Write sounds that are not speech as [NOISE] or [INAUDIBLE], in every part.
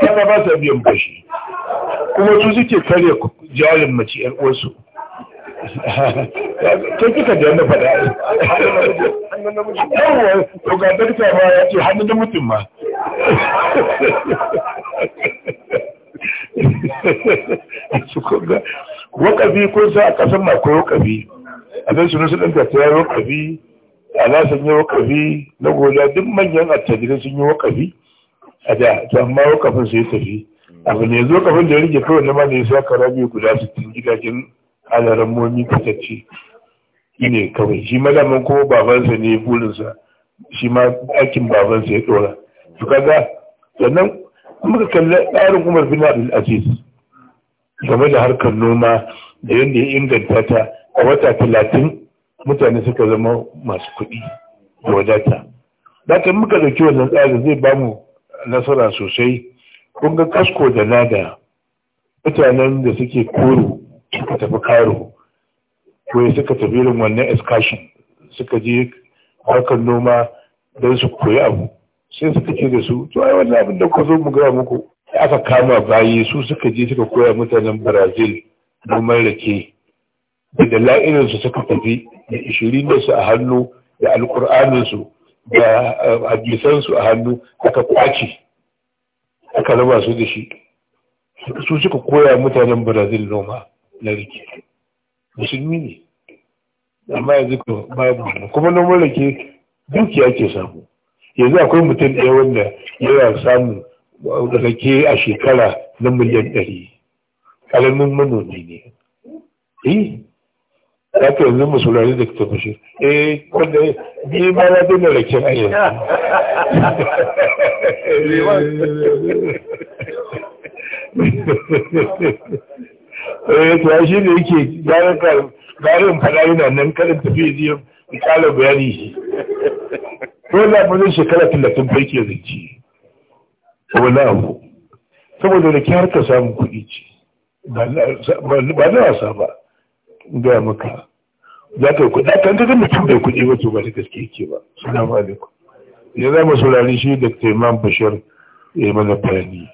kaga ba sa biyan bashi kuma su suke karya jarin mace yar uwarsu kai kika da na faɗa yawon to ga dakta ma ya ce hannun da mutum ma wakafi kun sa a ƙasar ma akwai wakafi a zai sunu sun ɗanta ta yi wakafi ala sun yi wakafi na gola duk manyan a attajirai sun yi wakafi a da to amma kafin sai tafi abu ne zo kafin da ya rike kawai na mani ya sa karabi guda sittin gidajen alaran momi fatacce shi ne kawai shi madaman kuma babansa ne burinsa shi ma aikin babansa ya dora to kaga sannan muka kalli tsarin umar bin abdul aziz game da harkar noma da yadda ya inganta ta a wata talatin mutane suka zama masu kuɗi da wadata. Da muka ɗauki wannan tsarin zai bamu nasara sosai kun ga kasko da nada mutanen da suke koro suka tafi karo ko suka tafi irin wannan excursion suka je harkar noma don su koyi abu sai suka ce da su to ai wannan abin da ku zo mu gaya muku aka kama bayi su suka je suka koya mutanen brazil noman rake da la'irinsu suka tafi da ishirin da su a hannu da alkur'aninsu da eh, su a hannu aka kwace aka raba su da shi su suka koya mutanen brazil noma na rike musulmi ne amma yanzu babu kuma noman rake dukiya ke samu yanzu akwai mutum ɗaya wanda yana samu rake a shekara na miliyan ɗari ƙaramin manomi ne eh? za yanzu musulari da ta fushi eh ni da kyan ayyar eh to shi ne yake garin garin fada yana nan karin tafi zai misalar bayani shi ko da mu zai shekara talatin fa ci. abu saboda da kyar ka samun kuɗi ce ba na wasa ba gaya maka za ta yi kuɗi kan ta mutum bai kuɗi ba to ba da gaske yake ba salamu alaikum ya zama saurari shi da taiman bashir ya yi mana bayani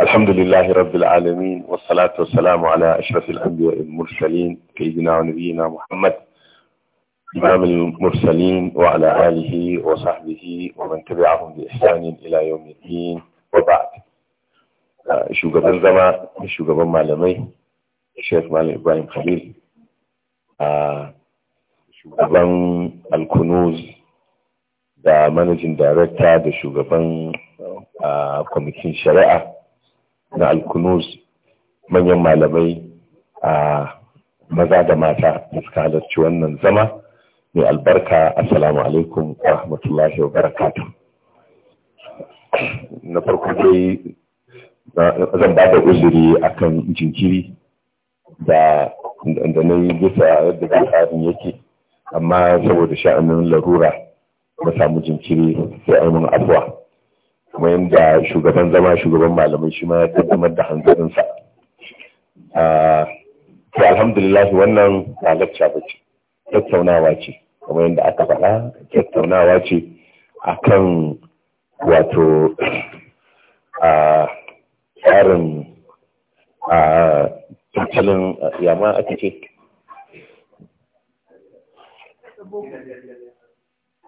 الحمد لله رب العالمين والصلاة والسلام على أشرف الأنبياء المرسلين سيدنا ونبينا محمد إمام المرسلين وعلى آله وصحبه ومن تبعهم بإحسان إلى يوم الدين وبعد shugaban zama shugaban malamai Sheikh Malam Ibrahim Khalil a shugaban Alkunuz da managing director da shugaban kwamitin shari'a na Alkunuz manyan malamai a maza da mata da suka halarci wannan zama mai albarka assalamu alaikum wa rahmatullahi wa barakatuh na farko dai zan ba da uzuri akan jinkiri da na yi bisa yadda tsarin yake amma saboda sha'anin larura na samu jinkiri sai ainihin abuwa kuma yadda shugaban zama shugaban malamai shi ma ya kaddamar da hanzarinsa to alhamdulillah wannan ba lacca ba ce tattaunawa ce kuma yadda aka faɗa tattaunawa ce a kan wato tsarin a tattalin yamma ake ce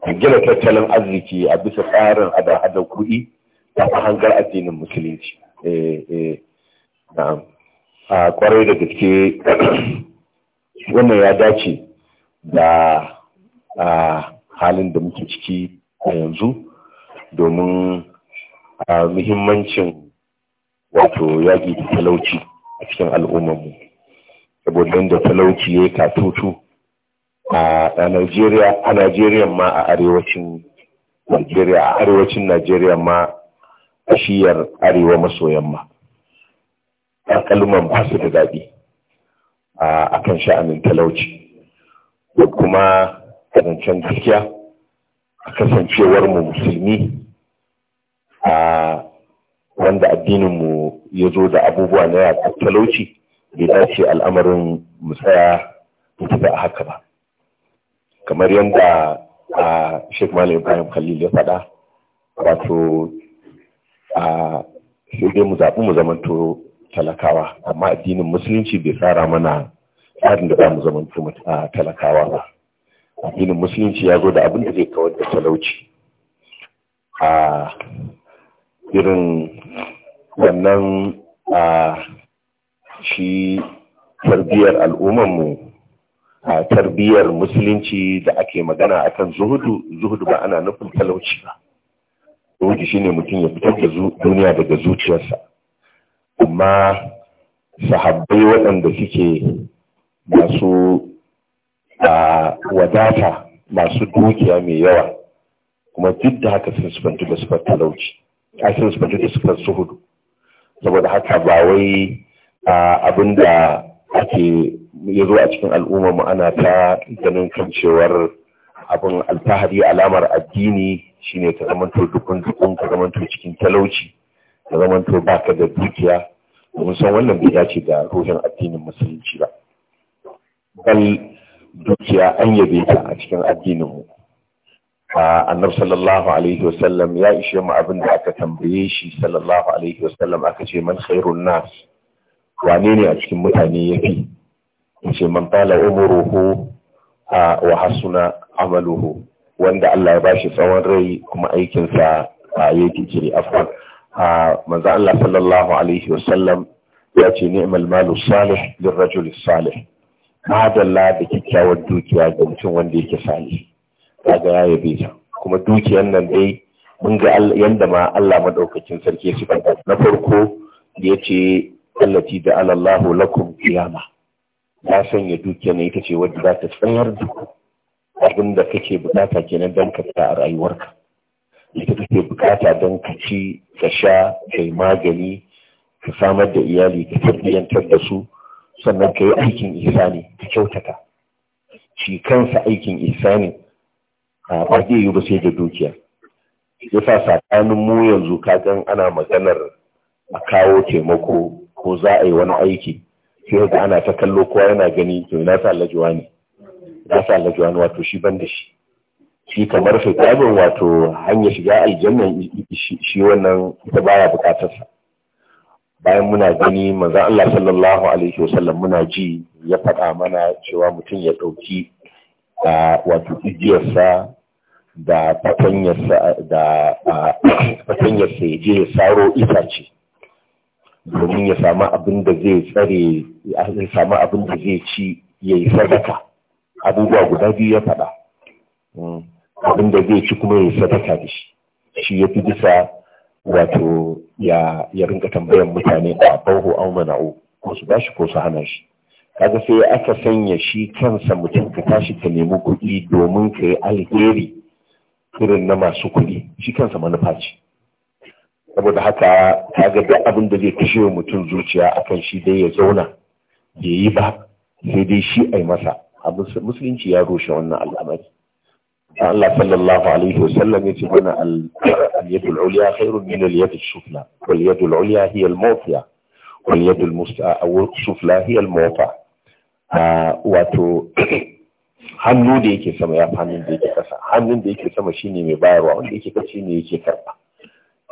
A gina tattalin arziki a bisa tsarin hada-hadar kuɗi ta hangar addinin musulunci eh, eh, a kwarai da gaske wannan ya dace da halin da muke ciki a yanzu domin muhimmancin wato yaƙi da talauci a cikin al'ummarmu saboda da talauci ya yi katutu a Najeriya a Najeriya ma a arewacin Najeriya a arewacin Najeriya ma a shiyar arewa maso yamma kalmar ba su da daɗi a kan sha'anin talauci da kuma karancen gaskiya a kasancewar mu musulmi a wanda addininmu ya zo da abubuwa na yaƙar talauci bai dace al'amarin mu tsaya mutu a haka ba kamar yadda a sheik malam ibrahim khalil ya faɗa wato a sai dai mu zaɓi mu zamanto talakawa amma addinin musulunci bai tsara mana tsarin da za mu zamanto talakawa ba addinin musulunci ya zo da abin da zai kawar da talauci irin wannan a shi tarbiyyar al'ummanmu a tarbiyyar musulunci da ake magana a kan zuhudu zuhudu ba ana nufin talauci ba zuhudu shi ne mutum ya fitar da duniya daga zuciyarsa amma sahabbai waɗanda suke masu a wadata masu dukiya mai yawa kuma duk da haka sun sufanta da sufanta talauci tasirin su fito da su hudu saboda haka ba wai abin da ake ya zo a cikin al'umma mu ana ta ganin kan cewar abin alfahari alamar addini shine ka zamanto dukkan dukkan, ka zamanto cikin talauci ka zamanto baka da dukiya mun san wannan bai dace da ruhin addinin musulunci ba bal dukiya an yabe ta a cikin addinin mu annabi sallallahu alaihi wasallam ya ishe mu abin da aka tambaye shi sallallahu alaihi wasallam aka ce man khairun nas wane ne a cikin mutane yafi in ce man tala umuruhu wa hasuna amaluhu wanda Allah ya bashi tsawon rai kuma aikinsa a yake jiri afwan manzo Allah sallallahu alaihi wasallam ya ce ni'mal malu salih lirrajul salih madalla da kyakkyawar dukiya ga mutum wanda yake salih gaya ya yabe ta kuma dukiyar nan dai mun ga yanda ma Allah madaukakin sarki su banta na farko da yace allati da alallahu lakum qiyama ya sanya dukiyar ne ita ce wadda za ta tsayar da abin da kake bukata kenan dan ka a rayuwarka ita kake bukata dan ka ci ka sha kai magani ka samar da iyali ka tarbiyyantar da su sannan ka yi aikin ihsani ka kyautata shi kansa aikin ihsani a ba yi ba sai da dukiya Ya sa sakanin mu yanzu kagan ana maganar a kawo taimako ko za a yi wani aiki sai da ana ta kallo kowa yana gani to ina sa lajuwa ne ya sa lajuwa ne wato shi ban da shi shi kamar fitabin wato hanyar shiga aljannan shi wannan ita baya bukatar sa bayan muna gani manzon Allah sallallahu alaihi wasallam muna ji ya faɗa mana cewa mutum ya ɗauki wato igiyarsa da fatanyar sa [COUGHS] je ya saro itace domin ya samu abin da zai tsare ya samu abin da zai ci ya yi sadaka abubuwa guda biyu ya faɗa hmm. abin da zai ci kuma ya yi sadaka da shi shi ya fi bisa wato ya rinka tambayan mutane a bahu au mana'u ko su bashi ko su hana shi kaga sai aka sanya shi kansa mutum ka tashi ka nemi kuɗi domin ka yi alheri Turin na masu kuɗi shi kansa manufa ce saboda haka ta ga duk abin da zai kashe wa mutum zuciya akan shi dai ya zauna ya yi ba sai dai shi ai masa a musulunci ya rushe wannan al'amari Allah sallallahu alaihi wa sallam ya ce mana al-yadul ulya khairun min al-yadul sufla wal yadul ulya hiya al-mawtiya wal yadul musta'a aw sufla hiya al-mawta ah, wato hannu da yake sama ya fi hannun da yake kasa, hannun da yake sama shine mai bayarwa wanda yake ƙasa shine yake karba.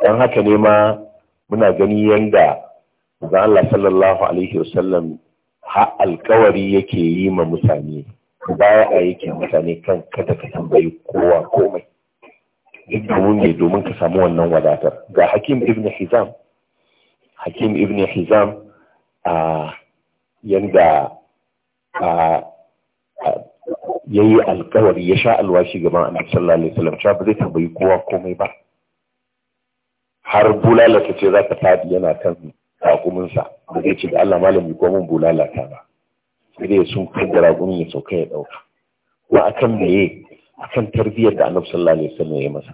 don haka ne ma muna gani yanda da Allah sallallahu alaihi wasallam ha alkawari yake yi ma mutane baya a yake mutane kan kada ka tambayi kowa komai duk domin ne domin ka samu wannan wadatar ga hakim ibn hizam hakim ibn hizam a ah, yanda a ah, ya yi alkawari ya sha alwashi gaban annabi sallallahu alaihi wasallam cewa ba zai tambayi kowa komai ba har bulala ta ce za ta fadi yana kan raƙuminsa ba zai ce da Allah malami ko mun bulala ta ba sai dai sun kai da raƙumin ya sauka ya ɗauka wa akan meye akan tarbiyyar da annabi sallallahu alaihi wasallam ya masa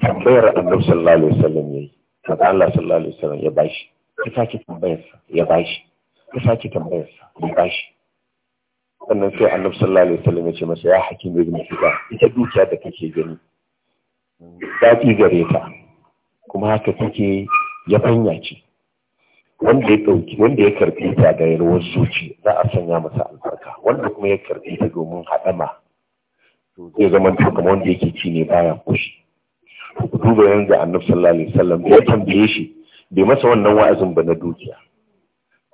tambayar annabi sallallahu alaihi wasallam ya yi kaza Allah sallallahu alaihi wasallam ya bashi ka sake tambayarsa ya bashi ka sake tambayarsa ya bashi sannan sai annabi sallallahu alaihi wasallam ya ce masa ya hakim ibn hibban ita dukiya da kake gani zafi gare ta kuma haka take fanya ce wanda ya dauki wanda ya karbi ta da yarwar suci za a sanya masa albarka wanda kuma ya karbi ta domin haɗama to zai zama to kamar wanda yake ci ne baya kushi ku duba yanzu annabi sallallahu alaihi wasallam ya tambaye shi bai masa wannan wa'azin ba na dukiya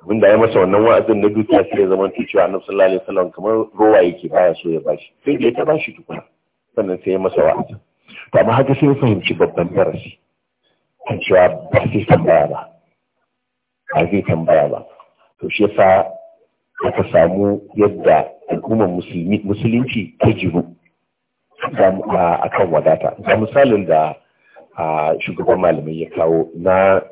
abinda ya masa wannan wa'azin na dukiya sai ya zama cewa annabi sallallahu alaihi wasallam kamar rowa yake baya so ya bashi sai da ta bashi tukuna sannan sai ya masa wa'azi to amma haka sai ya fahimci babban darasi cewa ba sai tambaya ba ba zai tambaya ba to shi yasa aka samu yadda al'ummar musulunci ta jiru a kan wadata ga misalin da shugaban malamai ya kawo na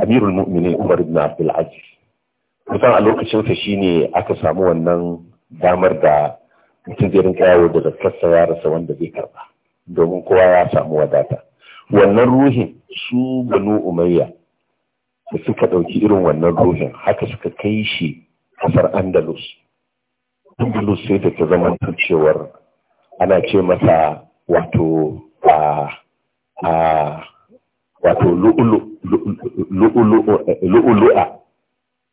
amirul mu'minin umar ibn abdul aziz kusan a lokacinsa shine aka samu wannan damar da mutum zai rinka yawo da zakarsa ya rasa wanda zai karba domin kowa ya samu wadata wannan ruhin su banu umayya da suka ɗauki irin wannan ruhin haka suka kai shi kasar andalus andalus sai da ta zama cewar ana ce masa wato a wato lu'ulu'a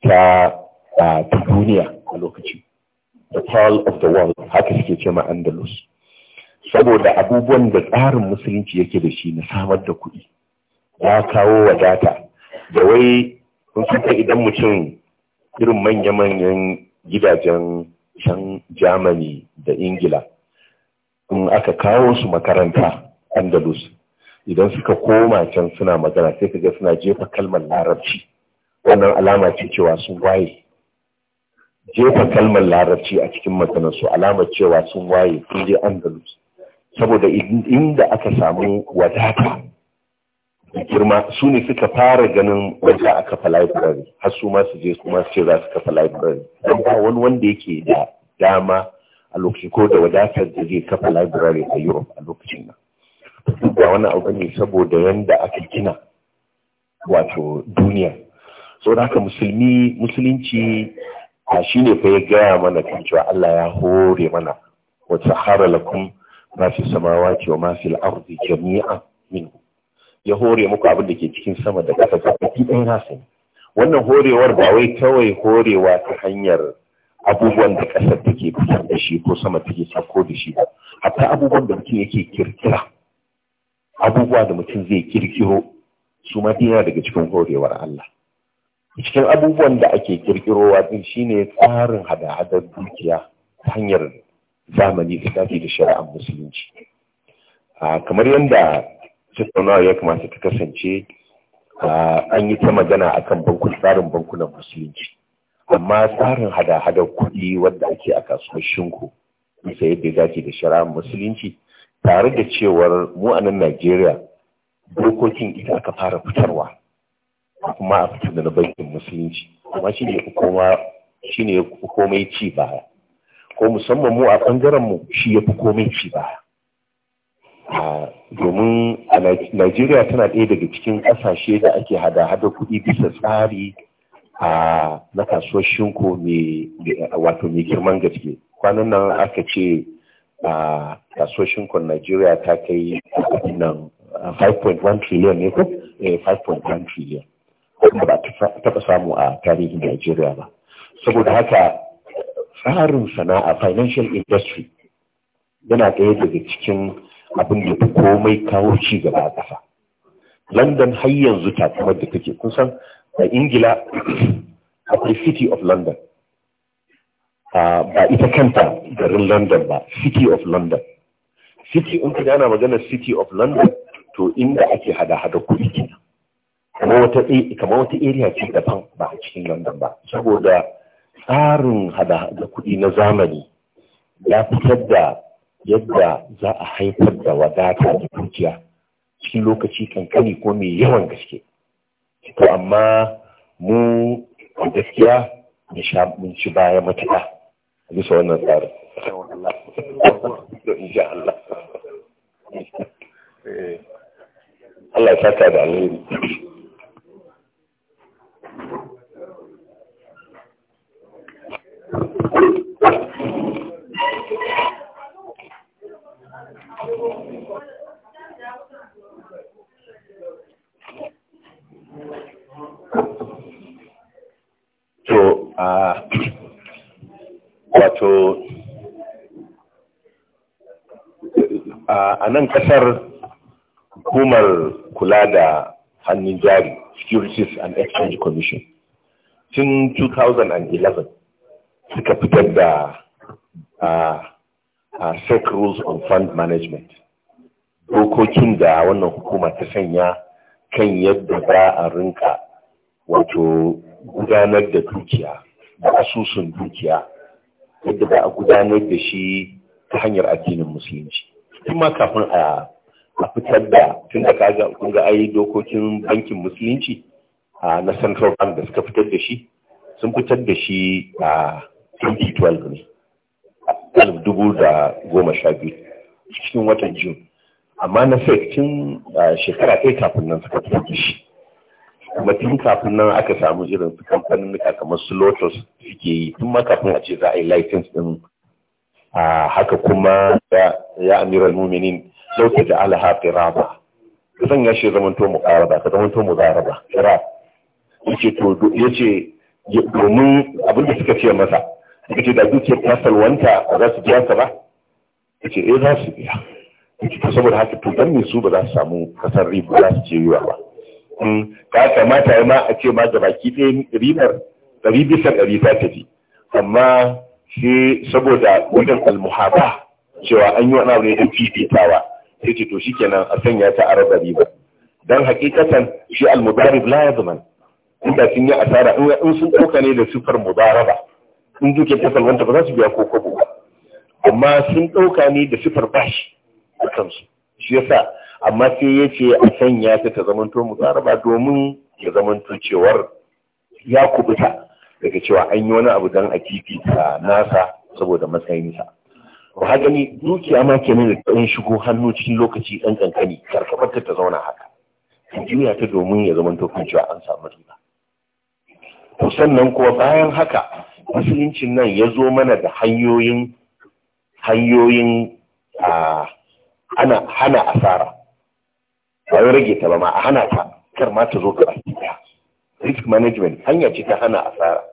ta ta duniya a lokaci the pearl of the world haka suke ce ma andalus saboda abubuwan da tsarin musulunci yake da shi na samar da kuɗi ya kawo wadata da wai kun suka idan mutum irin manya-manyan gidajen can Germany da Ingila in aka kawo su makaranta Andalus idan suka koma can suna magana sai kaga suna jefa kalmar larabci wannan alama ce cewa sun waye jefa kalmar larabci a cikin maganarsu alama cewa sun waye sun je andalus saboda inda aka samu wadata da girma su ne suka fara ganin wanda aka fa library har su ma su je su ma su ce za su kafa library don ba wani wanda yake da dama a lokaci ko da wadatar da zai kafa library a Europe wani abu ne saboda yadda aka gina wato duniya so da haka musulmi musulunci a shi ne fa ya gaya mana kan cewa Allah ya hore mana wata sahara lakum ma fi wa ma fil jami'a min ya hore muku abin da ke cikin sama da kasa ta baki ɗaya na sani wannan horewar ba wai kawai horewa ta hanyar abubuwan da ƙasar take fitar da shi ko sama take sako da shi ba hatta abubuwan da mutum yake kirkira abubuwa da mutum zai kirkiro su ma yana daga cikin horewar Allah cikin abubuwan da ake kirkirowa din shine tsarin hada-hadar dukiya ta hanyar zamani da tafi da shari'ar musulunci kamar yadda tattaunawa ya kamata ta kasance an yi ta magana akan bankun tsarin bankunan musulunci amma tsarin hada-hadar kuɗi wadda ake a kasuwar shinku bisa yadda ya da shari'ar musulunci tare da cewar mu a nan Najeriya dokokin ita aka fara fitarwa kuma a fitar da na bankin musulunci kuma shi ne koma shi ne komai ci baya ko musamman mu a bangaren mu shi ya fi komai ci baya domin a Najeriya tana ɗaya daga cikin ƙasashe da ake hada-hada kuɗi bisa tsari a na kasuwar shinko mai wato mai girman gaske kwanan nan aka ce a kasuwashin kwan Najeriya ta kai nan 5.1 trillion ne ko? 5.1 eh, trillion. Kuma ba taɓa samu a tarihin Najeriya ba. Saboda haka tsarin sana'a financial industry yana ɗaya daga cikin abin da komai kawo ci gaba a ƙasa. London har yanzu takamar da take kusan a Ingila akwai City of London. ba ita kanta garin london ba city of london city in ka gana magana city of london to inda ake hada-hada kuɗi kenan e, kamar wata area ce daban ba a cikin london ba saboda tsarin hada-hada kuɗi na zamani ya fitar da yadda za a haifar da wadata da dukiya cikin lokaci kankani ko mai yawan gaske to amma mu gaskiya mun ci baya matuƙa bisa wannan tsarin [LAUGHS] insha Allah Allah ya saka da alheri So, uh, wato a nan kasar hukumar kula da hannun jari securities and exchange commission tun 2011 suka fitar da sec rules on fund management dokokin da wannan hukuma ta sanya kan yadda za a rinka wato gudanar da dukiya da asusun dukiya yadda za a gudanar da shi ta hanyar addinin musulunci tun ma kafin a fitar da tun da kaga kun ga ayi dokokin bankin musulunci na central bank da suka fitar da shi sun fitar da shi a 2012 ne da goma sha biyu cikin watan june amma na sai tun shekara ɗaya kafin nan suka fitar da shi kuma tun kafin nan aka samu irin su kamfanin kamar su lotus suke yi tun ma kafin a ce za a yi laifin din a haka kuma ya amiral muminin lauta da alaha firaba ka sanya shi ƙara ba, ka zamanto mudaraba firab yace to ce domin abin da suka ce masa suka ce da dukiyar kasar wanta ba za su biya ka ba ce eh za su biya ce to saboda haka to don ne su ba za su samu kasar riba za su ce yiwa ba ka kamata ma a ce ma gabaki ɗaya ribar ɗari bisa ɗari ta tafi amma sai saboda wajen almuhaba cewa an yi wani abu ne don fifitawa sai ce to shikenan a sanya ta a raba riba dan hakikatan shi almudarib la yazman inda sun yi asara in sun ɗauka ne da sufar Mubaraba. in duke ta salwanta ba za su biya ko kobo ba amma sun ɗauka ne da sufar bashi a kansu shi yasa amma sai ya ce a sanya ta ta zamanto ba domin ya zamanto cewar ya kubuta daga cewa an yi wani abu don a kifi ta nasa saboda matsayinsa ba haka ne dukiya ma ke da ɗan shigo hannu cikin lokaci ɗan kankani karkamar ta zauna haka ka juya ta domin ya zamanto kan cewa an samu riba to sannan kuwa bayan haka musuluncin nan ya zo mana da hanyoyin hanyoyin a hana asara ba rage ta ba ma a hana ta kar ma ta zo ka baki daya risk management hanya ce ta hana asara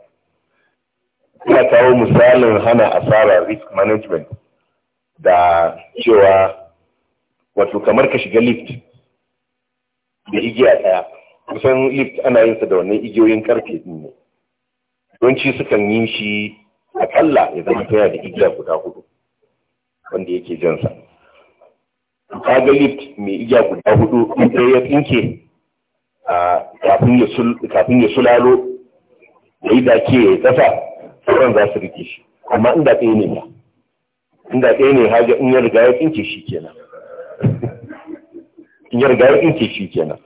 ina kawo misalin hana asara risk management da cewa wato kamar ka shiga lift da igiya daya kusan lift ana yin sa da wannan igiyoyin karfe din ne yawanci sukan yi shi akalla ya zama tana da igiya guda hudu wanda yake jansa ka ga mai iya guda hudu in ɗaya ya tsinke kafin ya sulalo ya yi dace ya kasa sauran za su rike shi amma inda ɗaya ne ya inda ɗaya ne haja in ya riga ya tsinke shi kenan [LAUGHS] in ya riga ya tsinke shi kenan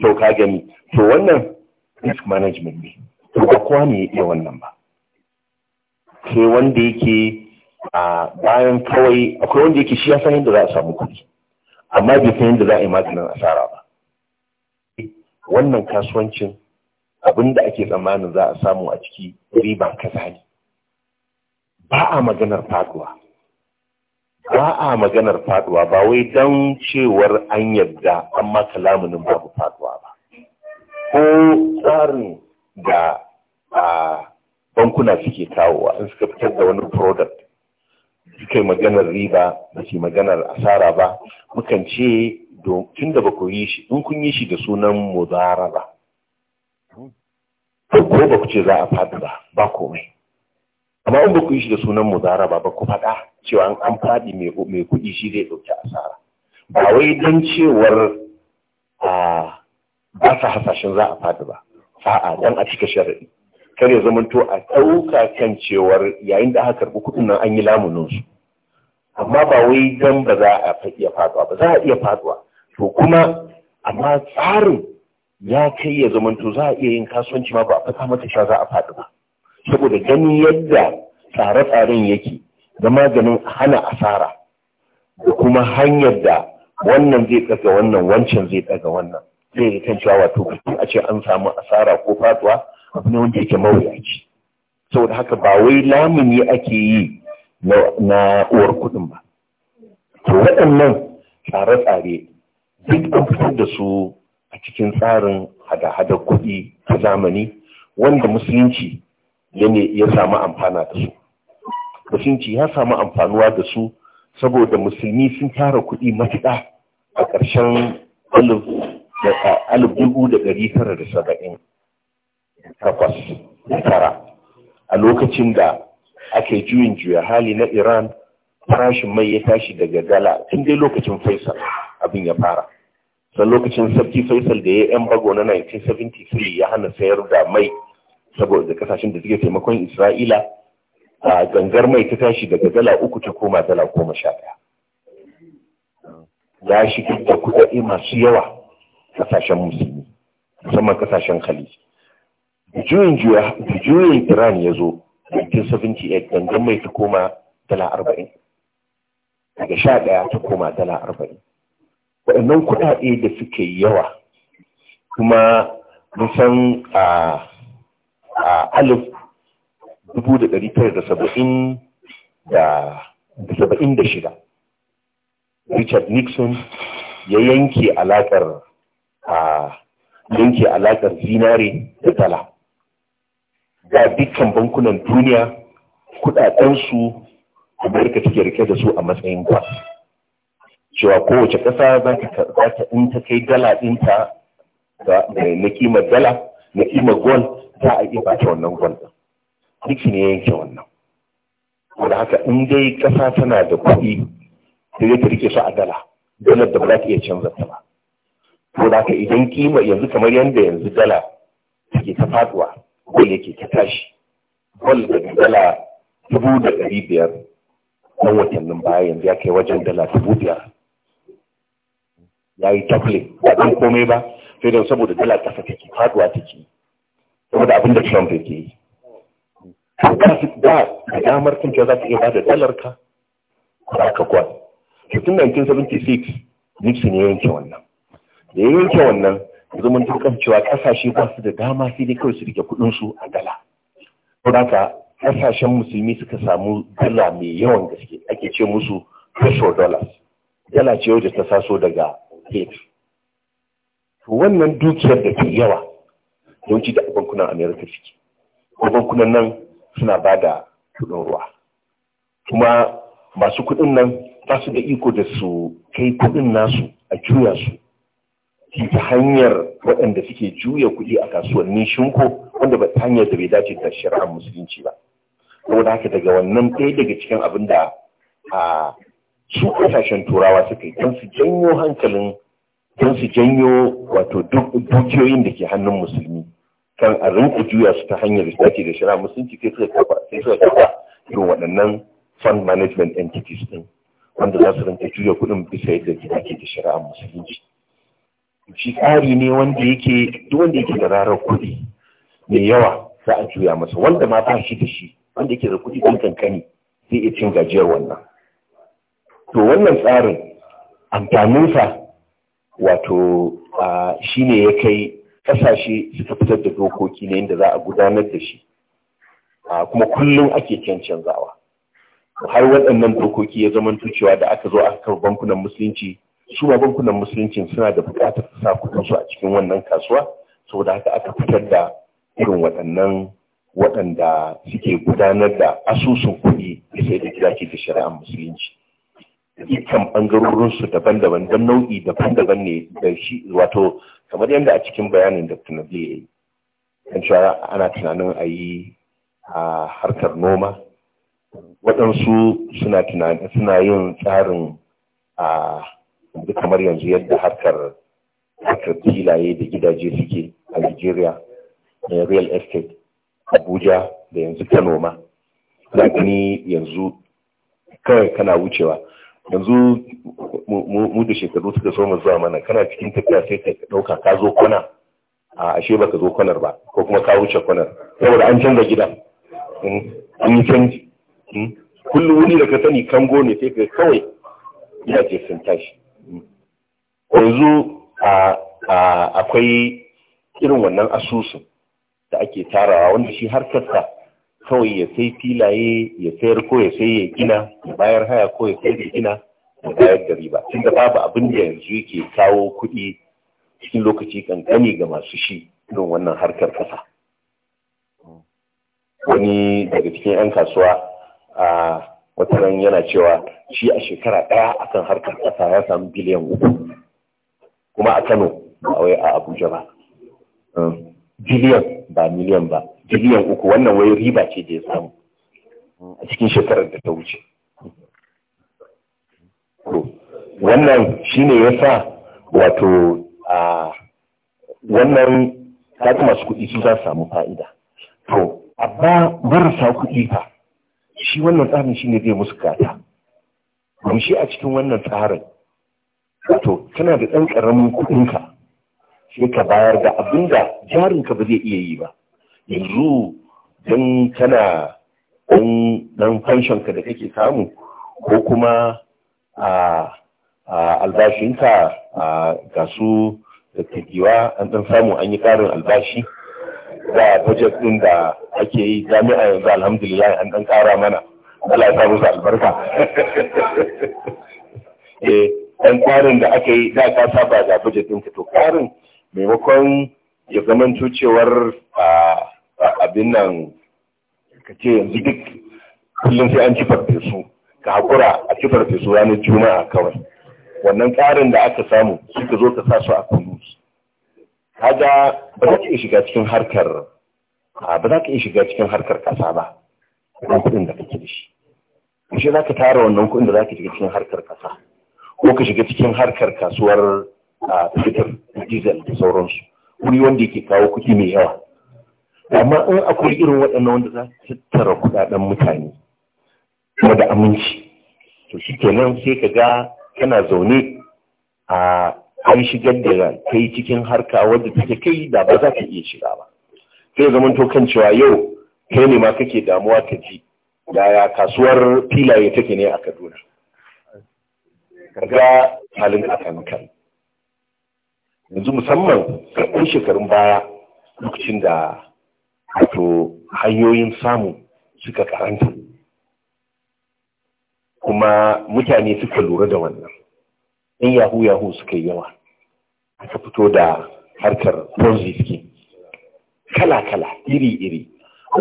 to ka gani to wannan risk management ne to ba kowa ne ya iya wannan ba sai wanda yake a bayan kawai akwai wanda yake shi ya san yadda za a samu kuɗi amma bai san yadda za a yi maganin asara ba wannan kasuwancin abin da ake tsammanin za a samu a ciki riba kaza ne ba a maganar faduwa ba a maganar faduwa ba wai don cewar an yadda amma kalamunin lamunin babu faduwa ba ko tsarin da bankuna suke kawowa in suka fitar da wani product kai maganar riba ba ke maganar asara ba mukan ce tun da ba yi shi in kun yi shi da sunan ba ko ba ku ce za a faɗi ba ba komai amma in ba yi shi da sunan mudara ba ku faɗa cewa an faɗi mai kuɗi shi zai ɗauki asara ba wai dan cewar a ba sa hasashen za a faɗi ba a'a don a cika sharaɗi kar ya zamanto a ɗauka kan cewar yayin da aka karɓi kuɗin nan an yi lamunin su amma ba wai dan ba za a iya faduwa ba za a iya faduwa to kuma amma tsarin ya kai ya zamanto za a iya yin kasuwanci ma ba a fata mata sha za a faɗi ba saboda gani yadda tsare-tsaren yake da maganin hana asara da kuma hanyar da wannan zai ɗaga wannan wancan zai ɗaga wannan zai yi kan cewa wato a ce an samu asara ko faduwa abu ne wanda yake mawuyaci saboda haka ba wai lamuni ake yi na uwar kuɗin ba to waɗannan tsare-tsare duk an fitar da su a cikin tsarin hada-hadar kuɗi ta zamani wanda musulunci ya samu amfana da su musulunci ya samu amfanuwa da su saboda musulmi sun tara kuɗi matuɗa a ƙarshen alif dubu da ɗari tara da saba'in takwas na tara a lokacin da ake juyin juya hali na Iran farashin mai ya tashi daga gala tun dai lokacin Faisal abin ya fara. San lokacin sabti Faisal da ya yi bago na 1973 ya hana sayar da mai saboda kasashen da suke taimakon Isra'ila a gangar mai ta tashi daga dala uku ta koma dala goma sha ɗaya. Ya shiga da kuɗaɗe masu yawa kasashen musulmi musamman kasashen khaliji juyin juyin iran ya zo 1978 gangan mai ta koma dala arba'in daga sha ɗaya ta koma dala arba'in waɗannan kuɗaɗe da suke yawa kuma nisan a alif dubu da ɗari tara da saba'in da saba'in da shida richard nixon ya yanke alaƙar yanke alaƙar zinare da dala ga dukkan bankunan duniya kudadensu amurka take rike da su a matsayin kwas cewa kowace ƙasa za ta in ta kai dala ɗinta na kimar dala na kimar gol za a iya bata wannan gol ɗin duk ne yanke wannan wanda haka in dai ƙasa tana da kuɗi da zai ta rike su a dala dalar da ba za ta iya canza ta ba wanda haka idan kima yanzu kamar yadda yanzu dala take ta faduwa gwal yake ta tashi wani daga dala dubu da ɗari biyar ɗan watannin baya yanzu ya kai wajen dala dubu biyar ya yi tafle ba ɗan komai ba sai don saboda dala ƙasa take faduwa take saboda abin da trump yake yi da da damar kinka za ka iya ba da dalar ka ba ka kwan tun 1976 nixon ya yanke wannan da ya yanke wannan zaman dukkan cewa kasashe ba su da dama sai dai kawai su rike kudin su a dala don haka kasashen musulmi suka samu dala mai yawan gaske ake ce musu peso dollars dala ce wajen ta saso daga haiti to wannan dukiyar da ke yawa yawanci da bankunan america suke bankunan nan suna ba da kudin ruwa kuma masu kudin nan ba su da iko da su kai kudin nasu a juya su ta hanyar waɗanda suke juya kuɗi a kasuwannin shinko wanda ba ta hanyar da bai dace da shari'ar musulunci ba saboda haka daga wannan ɗaya daga cikin abin da a su ƙasashen turawa suka yi don su janyo hankalin don su janyo wato dukiyoyin da ke hannun musulmi kan a rinka juya su ta hanyar da dace da shari'ar musulunci sai suka kafa sai suka kafa irin waɗannan fund management entities ɗin wanda za su rinka juya kuɗin bisa yadda ke dace da shari'ar musulunci shi tsari ne wanda yake duk wanda yake da rarar kuɗi mai yawa za a juya masa wanda ma ba shi da shi wanda yake da kuɗi ɗan kankani zai iya cin gajiyar wannan to wannan tsarin amfaninsa wato shi ne ya kai ƙasashe suka fitar da dokoki na yadda za a gudanar da shi kuma kullum ake canzawa. har waɗannan dokoki ya zama cewa da aka zo aka bankunan musulunci su bankunan musulunci suna da buƙatar sa kuɗin su a cikin wannan kasuwa saboda haka aka fitar da irin waɗannan waɗanda suke gudanar da asusun kuɗi da sai da gida ke da shari'ar musulunci dukkan ɓangarorin su daban-daban don nau'i daban-daban ne da shi wato kamar yadda a cikin bayanin da tunabi ya yi kan cewa ana tunanin a yi a harkar noma waɗansu suna yin tsarin a yanzu kamar yanzu yadda harkar harkar filaye da gidaje suke a Nigeria da real estate Abuja da yanzu Kano ma gani yanzu kawai kana wucewa yanzu mu da shekaru suka so mu zuwa mana kana cikin tafiya sai ka ɗauka ka zo kwana a ashe baka zo kwanar ba ko kuma ka wuce kwanar saboda an canza gida hmm, an yi canji hmm, kullum wuni da ka sani kango ne sai ka kawai Ina gidaje sun tashi yanzu akwai irin wannan asusun da ake tarawa wanda shi harkarsa kawai ya sai filaye ya sayar ko ya sai ya gina ya bayar haya ko ya sai ya gina ya bayar da riba tun da babu abin da yanzu yake kawo kuɗi cikin lokaci kankani ga masu shi irin wannan harkar kasa wani daga cikin 'yan kasuwa a wata yana cewa shi a shekara ɗaya akan harkar kasa ya samu biliyan uku kuma a kano ba wai a abuja ba hmm. biliyan ba miliyan ba biliyan uku wannan wai riba ce da ya samu a cikin shekarar da ta wuce wannan shine ya sa wato a wannan kaga masu kuɗi su za su samu fa'ida to bar marasa kuɗi fa shi wannan tsarin shine zai musu gata shi a cikin wannan tsarin wato tana da ɗan ƙaramin kuɗinka sai ka bayar da abin da jarinka ba zai iya yi ba yanzu don kana ɗan fanshonka da kake samu ko kuma a albashinka ga su da tafiwa an ɗan samu an yi ƙarin albashi da budget ɗin da ake yi jami'a yanzu alhamdulillah an ɗan ƙara mana Allah ya sa musu albarka [LAUGHS] eh, ɗan ƙwarin da aka yi da ka saba da budget ɗinka to ƙwarin maimakon ya zama cewar abin nan ka ce yanzu duk kullum sai an ci farfesu ka haƙura a ci farfesu ranar juma'a kawai wannan ƙarin da aka samu suka zo ka sa su a kullum. kaga ba za ka iya shiga cikin harkar ba za ka iya shiga cikin harkar kasa ba kuɗin da kake da shi shi za ka tara wannan kuɗin da za ka shiga cikin harkar kasa ko ka shiga cikin harkar kasuwar fitar diesel da sauransu wuri wanda yake kawo kuɗi mai yawa amma in akwai irin waɗannan wanda za su tattara kuɗaɗen mutane kuma da aminci to shi kenan sai ka ga kana zaune a kai shigar da kai cikin harka wadda take kai da ba za ka iya shiga ba sai zaman to kan cewa yau kai ne ma kake damuwa ka ji yaya kasuwar filaye take ne a kaduna ka ga halin kasanka yanzu musamman ɗan shekarun baya lokacin da wato hanyoyin samu suka karanta kuma mutane suka lura da wannan ɗan yahu yahu suka yi yawa aka fito da harkar ponzi kala-kala iri-iri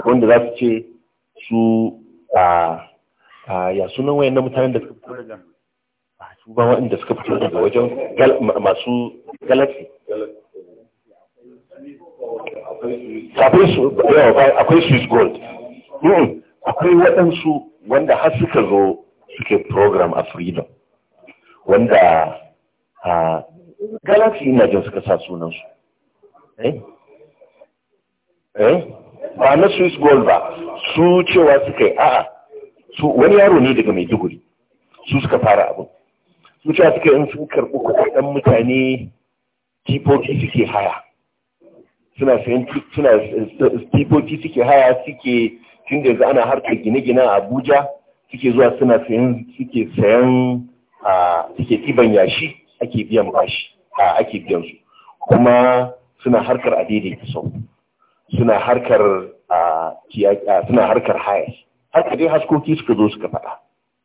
wanda za su ce su a ah, ah, ya sunan wayan na mutanen da suka fito daga su ba waɗanda suka fito daga wajen masu galaxy akwai swiss gold akwai waɗansu wanda har suka zo suke program a freedom wanda a galaxy ina jin suka sa sunansu eh? Eh? ba na swiss gold ba su cewa suka yi a'a su wani yaro ne daga maiduguri su suka fara abin Mutane cewa suka yin sun karɓi kuɗaɗen mutane tifofi suke haya suna sayan suna tifofi suke haya suke tun da ana harkar gine-gine a abuja suke zuwa suna sayan suke sayan a suke ɗiban yashi ake biyan bashi a ake biyan su kuma suna harkar a daidai sau suna harkar a suna harkar haya harkar dai haskoki suka zo suka faɗa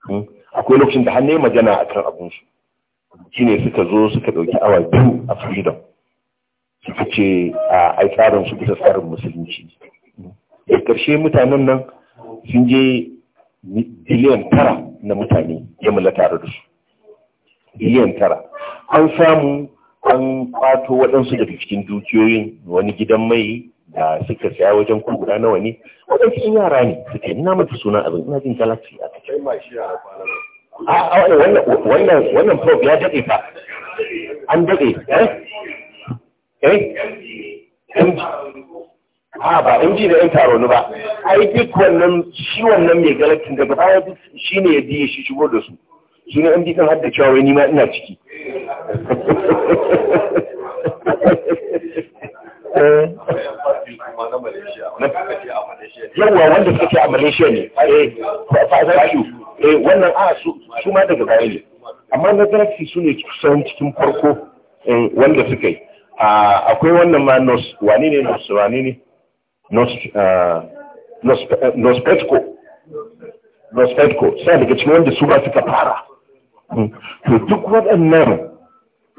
hmm. akwai lokacin da har ne magana a kan abinsu ne suka zo suka ɗauki awa biyu a freedom suka ce a aikarin su bisa tsarin musulunci da ƙarshe mutanen nan sun je biliyan tara na mutane ya mula tare da su biliyan tara an samu an kwato waɗansu daga cikin dukiyoyin wani gidan mai da suka tsaya wajen ku guda nawa ne waɗansu in yara ne suke ina mata suna abin ina jin galaxy a cikin a wannan wannan wannan prof ya daɗe fa an daɗe eh eh a ba in ji da yan taro ba ai duk wannan shi wannan mai galaxy ba ya duk shine ya diye shi shigo da su shi ne an bi kan hadda cewa wai ni ma ina ciki [LAUGHS] Eh. yawwa wanda suke a malaysia ne eh, fa'azarsu eh, wannan a ah, su ma daga baya ne amma na zarafi su ne kusan cikin farko wanda suka yi ah, akwai wannan ma nos wani ne nos wani ne ah, nos petco nos petco sai daga cikin wanda su ba suka fara hmm. to duk waɗannan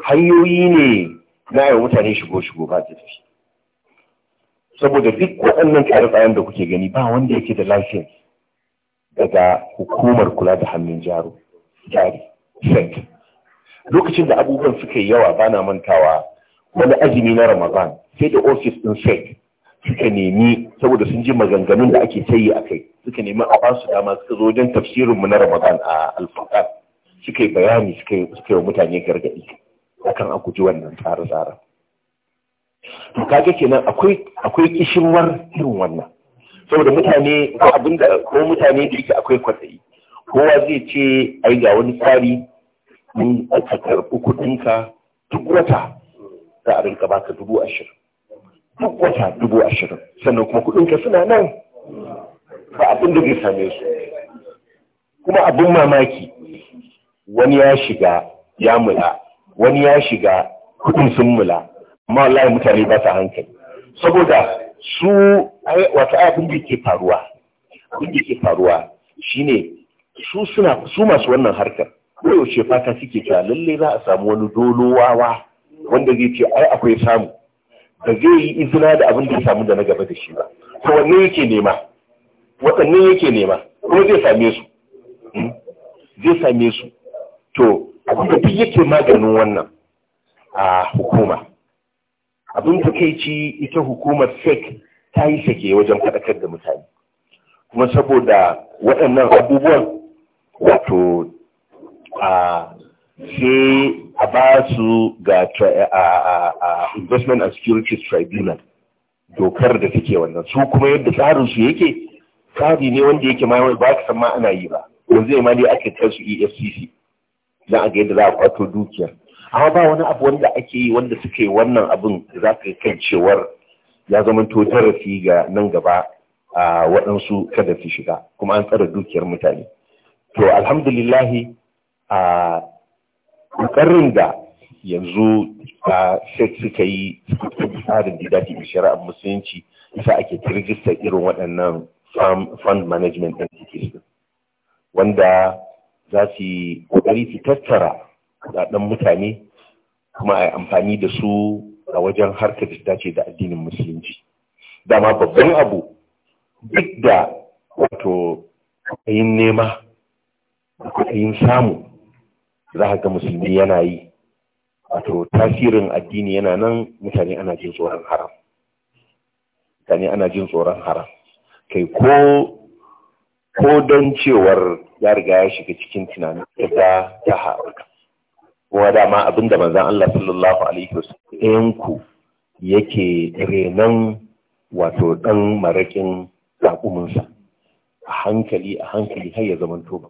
hanyoyi ne na yi mutane shigo-shigo ba ta tafi saboda duk waɗannan tsare-tsaren da kuke gani ba wanda yake da lasin daga hukumar kula da hannun jaro jari set lokacin da abubuwan suka yi yawa bana mantawa wani azumi na ramadan sai da ofis ɗin set suka nemi saboda sun ji maganganun da ake tayi a kai suka nemi a basu dama suka zo wajen tafsirinmu na ramadan a alfaqat suka yi bayani suka yi wa mutane gargaɗi akan a guji wannan tsare-tsaren to kaga kenan akwai akwai kishimar irin wannan saboda mutane ko abinda ko mutane da yake akwai kwatsayi kowa zai ce ai ga wani tsari mun aka karɓi kuɗinka duk wata za a rinka baka dubu ashirin duk wata dubu ashirin sannan kuma kuɗinka suna nan ba abin da zai same su kuma abin mamaki wani ya shiga ya mula wani ya shiga kuɗin sun mula amma wallahi mutane ba sa hankali saboda su wato abin da ke faruwa abin da ke faruwa shine su suna su masu wannan harkar koyaushe fata suke cewa lalle za a samu wani dolowawa wanda zai ce ai akwai samu da zai yi izina da abin da ya samu da na gaba da shi ba to wanne yake nema waɗanne yake nema kuma zai same su hmm? zai same su to abin da duk yake maganin wannan a hukuma abin da ci ita hukumar sec ta yi sake wajen faɗakar da mutane kuma saboda waɗannan abubuwan wato a sai a ba su ga investment and securities tribunal dokar da take wannan su kuma yadda tsarin su yake tsari ne wanda yake ma ba ka san ma ana yi ba yanzu ma dai ake kai su EFCC dan a ga yadda za a kwato dukiyar amma ba wani abu wanda ake yi wanda suka yi wannan abin za ka kan cewar ya zamanto tarafi ga nan gaba a waɗansu kada su shiga kuma an tsara dukiyar mutane to alhamdulillahi a ƙoƙarin da yanzu a suka yi tsarin da dafi da shari'ar musulunci isa ake kirgista irin waɗannan fund management entities wanda za su yi ƙoƙari su tattara ɗan mutane kuma a yi amfani da su a wajen harkar da dace da addinin musulunci dama babban abu duk da wato kwaɗayin nema da kwaɗayin samu za ga musulmi yana yi wato tasirin addini yana nan mutane ana jin tsoron haram mutane ana jin tsoron haram kai ko ko don cewar ya riga ya shiga cikin tunanin da ta haɓaka kuma dama abin da manzan Allah sallallahu alaihi wasallam ku yake renon wato ɗan marakin zaƙuminsa a hankali a hankali har ya zama to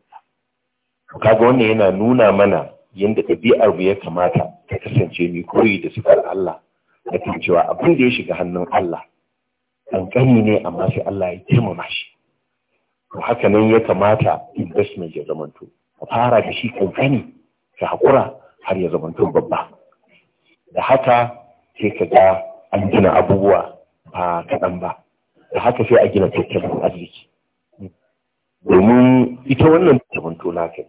kaga wannan yana nuna mana yadda ɗabi'ar mu ya kamata ta kasance mai koyi da sifar Allah na cewa abin da ya shiga hannun Allah ƙanƙani ne amma sai Allah ya girmama shi to haka nan ya kamata investment ya zamanto a fara da shi ƙanƙani ka haƙura har ya zama tun babba da haka sai ka ga an gina abubuwa ba kaɗan ba da haka sai a gina tattalin arziki domin ita wannan zamanto naka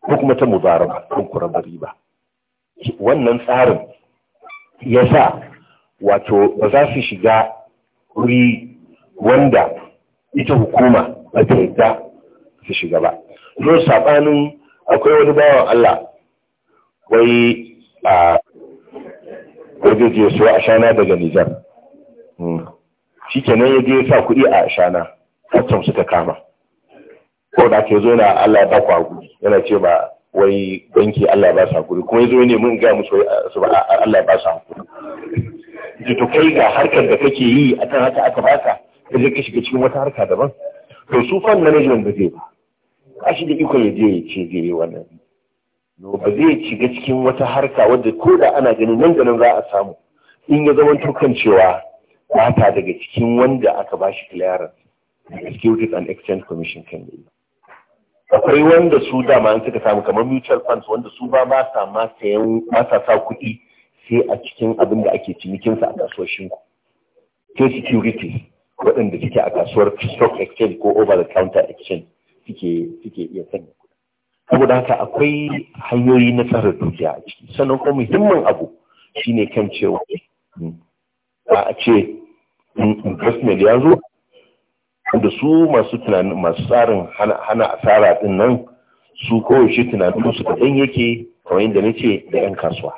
ko kuma ta mubaraba ko bari ba. wannan tsarin ya sa wato ba za su shiga wuri wanda ita hukuma ba ta yadda su shiga ba. Zuwa saɓanin akwai wani bawan Allah wai a wajen je so a shana daga Nijar. Hmm. Shi kenan ya je sa kuɗi a shana, kacan suka kama. Ko da ke zo na Allah ba ku haƙuri? yana ce ba wai banki Allah ba su haƙuri. kuma ya zo ne mun gaya musu su ba Allah ba su hakuri. Jito kai ga harkar da kake yi akan haka aka baka, ka je ka shiga cikin wata harka daban. To su fan management da zai ba. Ka shi da iko ya je ya ce zai yi wannan. ba zai shiga cikin wata harka wadda ko da ana ganin nan ganin za a samu in ya zama tukan cewa ba daga cikin wanda aka ba shi clearance securities and exchange commission kan yi akwai wanda su dama an suka samu kamar mutual funds wanda su ba ba sa ma sayan ba sa sa kuɗi sai a cikin abin da ake cinikinsa a kasuwar ku sai securities waɗanda suke a kasuwar stock exchange ko over the counter exchange suke iya sanya saboda haka akwai hanyoyi na tsara dukiya a ciki sannan kuma muhimmin abu shine kan cewa hmm, a ce hmm, investment ya zo da su masu tunanin masu tsarin hana asara din nan su kawai shi tunanin su kaɗan yake kamar yadda na ce da 'yan kasuwa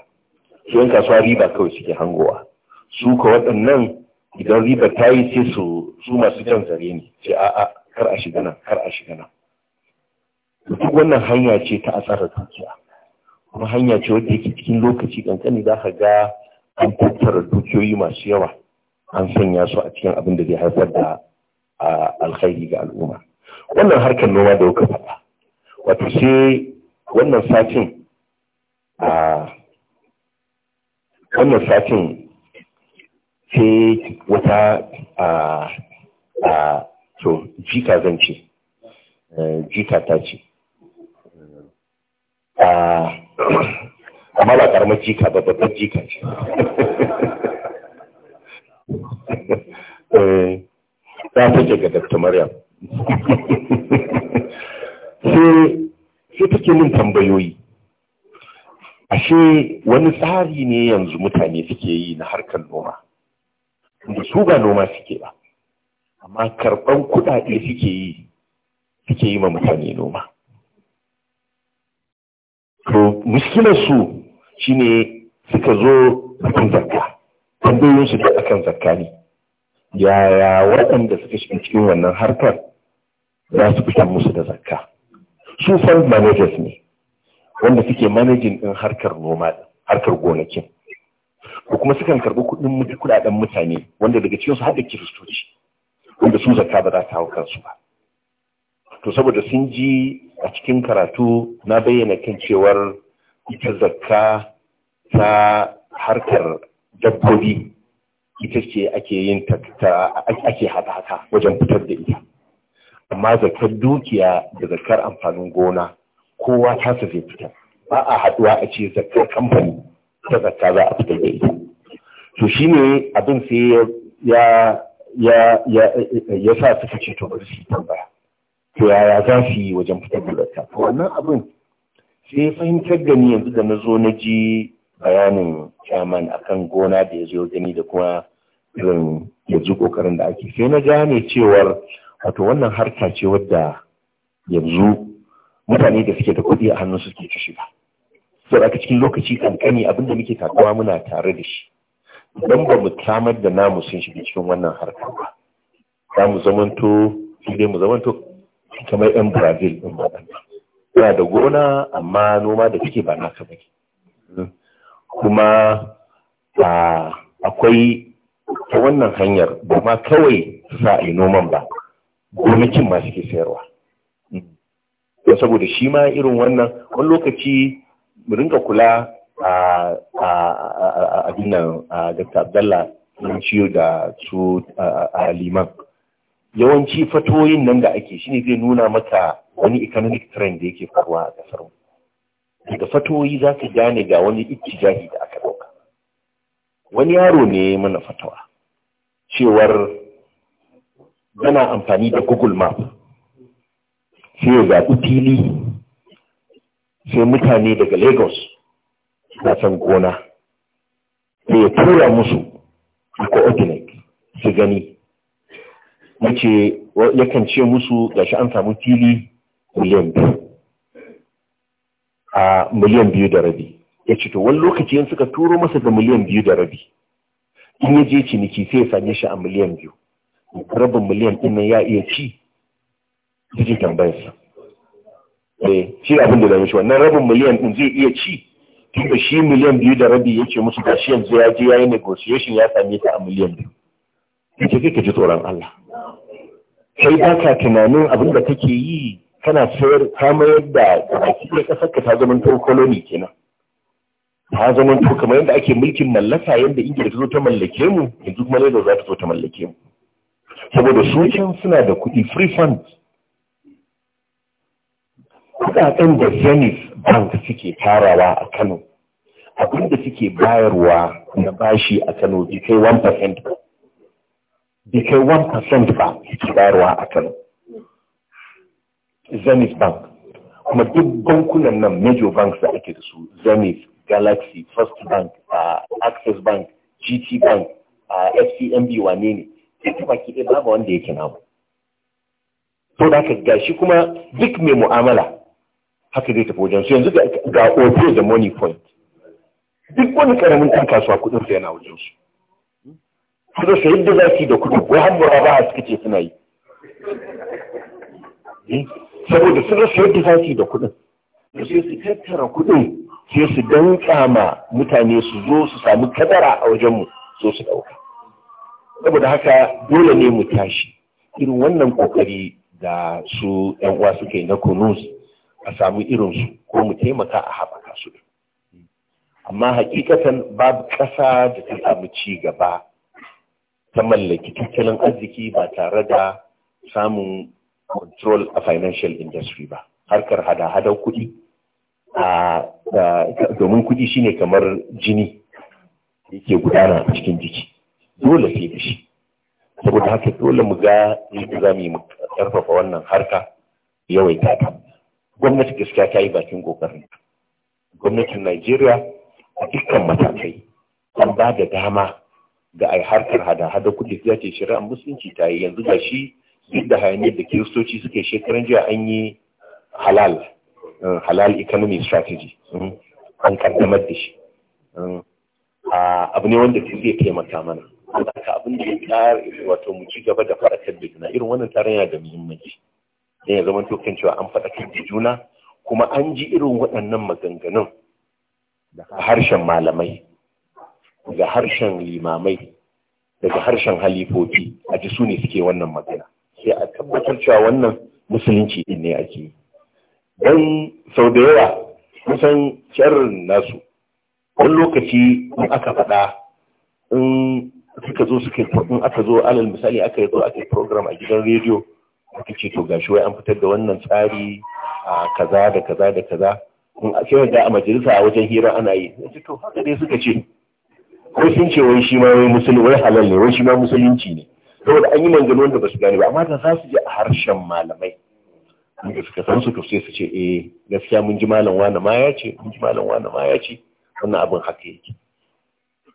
su 'yan kasuwa riba kawai suke hangowa su ka waɗannan idan riba ta yi sai su masu jan zare ne sai a'a kar a shiga nan kar a shiga nan duk wannan hanya ce ta asarar dukiya kuma hanya ce wadda yake cikin lokaci kankani za ka ga an tattara dukiyoyi masu yawa an sanya su a cikin abin da zai haifar da alkhairi ga al'umma wannan harkar noma da wuka faɗa wato sai wannan satin a wannan satin sai wata a a to jika zan ce eh, jika ta ce a [CLEARS THROAT] ba karamar jika ba babbar jika ce [LAUGHS] eh, ta take ga dr maryam [LAUGHS] sai take min tambayoyi ashe wani tsari ne yanzu mutane suke yi na harkar noma da su ba noma suke ba amma karɓar kuɗaɗe suke yi suke yi ma mutane noma to muskilar su shine suka zo akan zakka tambayoyin su da akan zakka ne yaya waɗanda suka shiga cikin wannan harkar za su fitar musu da zakka su fund managers ne wanda suke managin ɗin harkar noma harkar gonakin ko kuma sukan karɓi kuɗin kuɗaɗen mutane wanda daga cikinsu har haɗa kiristoci wanda su zakka ba za ta hau kansu ba to saboda sun ji a cikin karatu na bayyana kan cewar ita zakka ta harkar dabbobi ita ce ake yin ta ake haka wajen fitar da ita amma zakar dukiya da zakar amfanin gona kowa ta zai fitar ba a haduwa a ce zakar kamfani ta zakka za a fitar da ita to shine abin sai ya ya sa suka ce to ba su tambaya to yaya za su yi wajen fitar da zakka wannan abin sai ya fahimtar da ni yanzu da na zo na ji bayanin chairman akan gona da ya zo gani da kuma irin yanzu kokarin da ake sai na gane cewar wato wannan harka ce wadda yanzu mutane da suke da kuɗi a hannun suke ta shiga sau aka cikin lokaci kankani abinda muke takawa muna tare da shi idan ba mu samar da namu sun shiga cikin wannan harkar ba za mu zamanto sai dai mu zamanto kamar yan brazil ɗin waɗanda suna da gona amma noma da suke ba nasa ba kuma akwai ta wannan hanyar ba ma kawai su sa a yi noman ba gonakin ma suke sayarwa saboda shi ma irin wannan wani lokaci mu rinka kula a abin nan a dr abdallah da su a liman yawanci fatoyin nan da ake shine zai nuna maka wani economic trend da yake faruwa a kasar mu daga fatoyi za ka gane ga wani ittijahi da aka dauka wani yaro ne mana fatawa cewar yana amfani da google map sai ya zaɓi fili sai mutane daga lagos na san gona sai ya tura musu a coordinate su gani yace yakan ce musu gashi an samu fili miliyan biyu a miliyan biyu da rabi ya ce to wani lokaci yin suka turo masa da miliyan biyu da rabi in ya je ciniki sai ya same shi a miliyan biyu rabin miliyan ɗin ya iya ci jiji tambayarsa eh shi abin da zai shi wannan rabin miliyan ɗin zai iya ci da shi miliyan biyu da rabi ya ce musu gashi yanzu ya je ya yi negotiation ya same ta a miliyan biyu ya ce kai ka ji tsoron Allah sai ba ka tunanin abin da kake yi kana sayar ta mayar da gabaki da ƙasar ka ta zama to koloni kenan ta zama to kamar yadda ake mulkin mallaka yadda ingila ta zo ta mallake mu yanzu kuma ne za ta zo ta mallake mu saboda su suna da kuɗi free fund kuɗaɗen da zenith bank suke tarawa a kano abin da suke bayarwa na bashi a kano bai kai 1% ba Bikai kai 1% ba yake bayarwa a Kano. Zenith Bank. Kuma duk bankunan nan major banks da ake da su Zenith, Galaxy, First Bank, uh, Access Bank, GT Bank, uh, FCMB wane ne. Duk baki ɗaya babu wanda yake namu. To da gashi kuma duk mai mu'amala haka zai tafi wajen su yanzu ga ofe da Money Point. Duk wani karamin ɗan kasuwa kuɗin sa yana wajen su. su sai yadda za su yi da kudu ko har ba suka ce suna yi eh, saboda su rasa yadda za su yi da kudu da sai su tattara kudin sai su danka ma mutane su zo su samu kadara a wajenmu so su dauka saboda haka dole ne mu tashi irin wannan kokari da su yan uwa suke na kunus a samu irin su ko mu taimaka a haɓaka su amma hakikatan babu ƙasa da ta samu ci gaba ta mallaki tattalin arziki ba tare da samun control a financial industry ba harkar hada-hadar kuɗi domin kuɗi shine kamar jini da ke gudana a cikin jiki dole sai da shi saboda haka dole mu ga yadda za mu yi karfafa wannan harka yawaita ta gwamnati gaskiya ta yi bakin kokarin gwamnatin Najeriya a dukkan matakai an ba da dama ga ai harkar hada hada kudi ya ce shari'ar musulunci ta yi yanzu gashi, duk da hayaniyar da kiristoci suke shekaran jiya an yi halal eh, halal economy strategy mhm, an kaddamar da shi eh, abu ne wanda zai taimaka mana haka abin da ya wato mu ci gaba da faɗakar da juna irin wannan tarayya da muhimmanci don ya zama tokan cewa an faɗakar da juna kuma an ji irin waɗannan maganganun da harshen malamai daga harshen limamai daga harshen halifofi a ji su suke wannan magana sai a tabbatar cewa wannan musulunci din ne ake yi don sau da yawa kusan sharrin nasu wani lokaci in aka faɗa in suka zo suka in aka zo alal misali aka yi zo aka yi program a gidan rediyo aka ce to gashi wai an fitar da wannan tsari a kaza da kaza da kaza in a cewa da a majalisa a wajen hira ana yi to haka dai suka ce Ko sun ce wai shi ma wai musulmi wai halal ne wai shi ma musulunci ne saboda an yi manzanni wanda ba su gane ba amma da za su je a harshen malamai da suka san su to sai su ce eh gaskiya mun ji malam wani ma ya ce mun ji malam wani ma ya ce wannan abin haka yake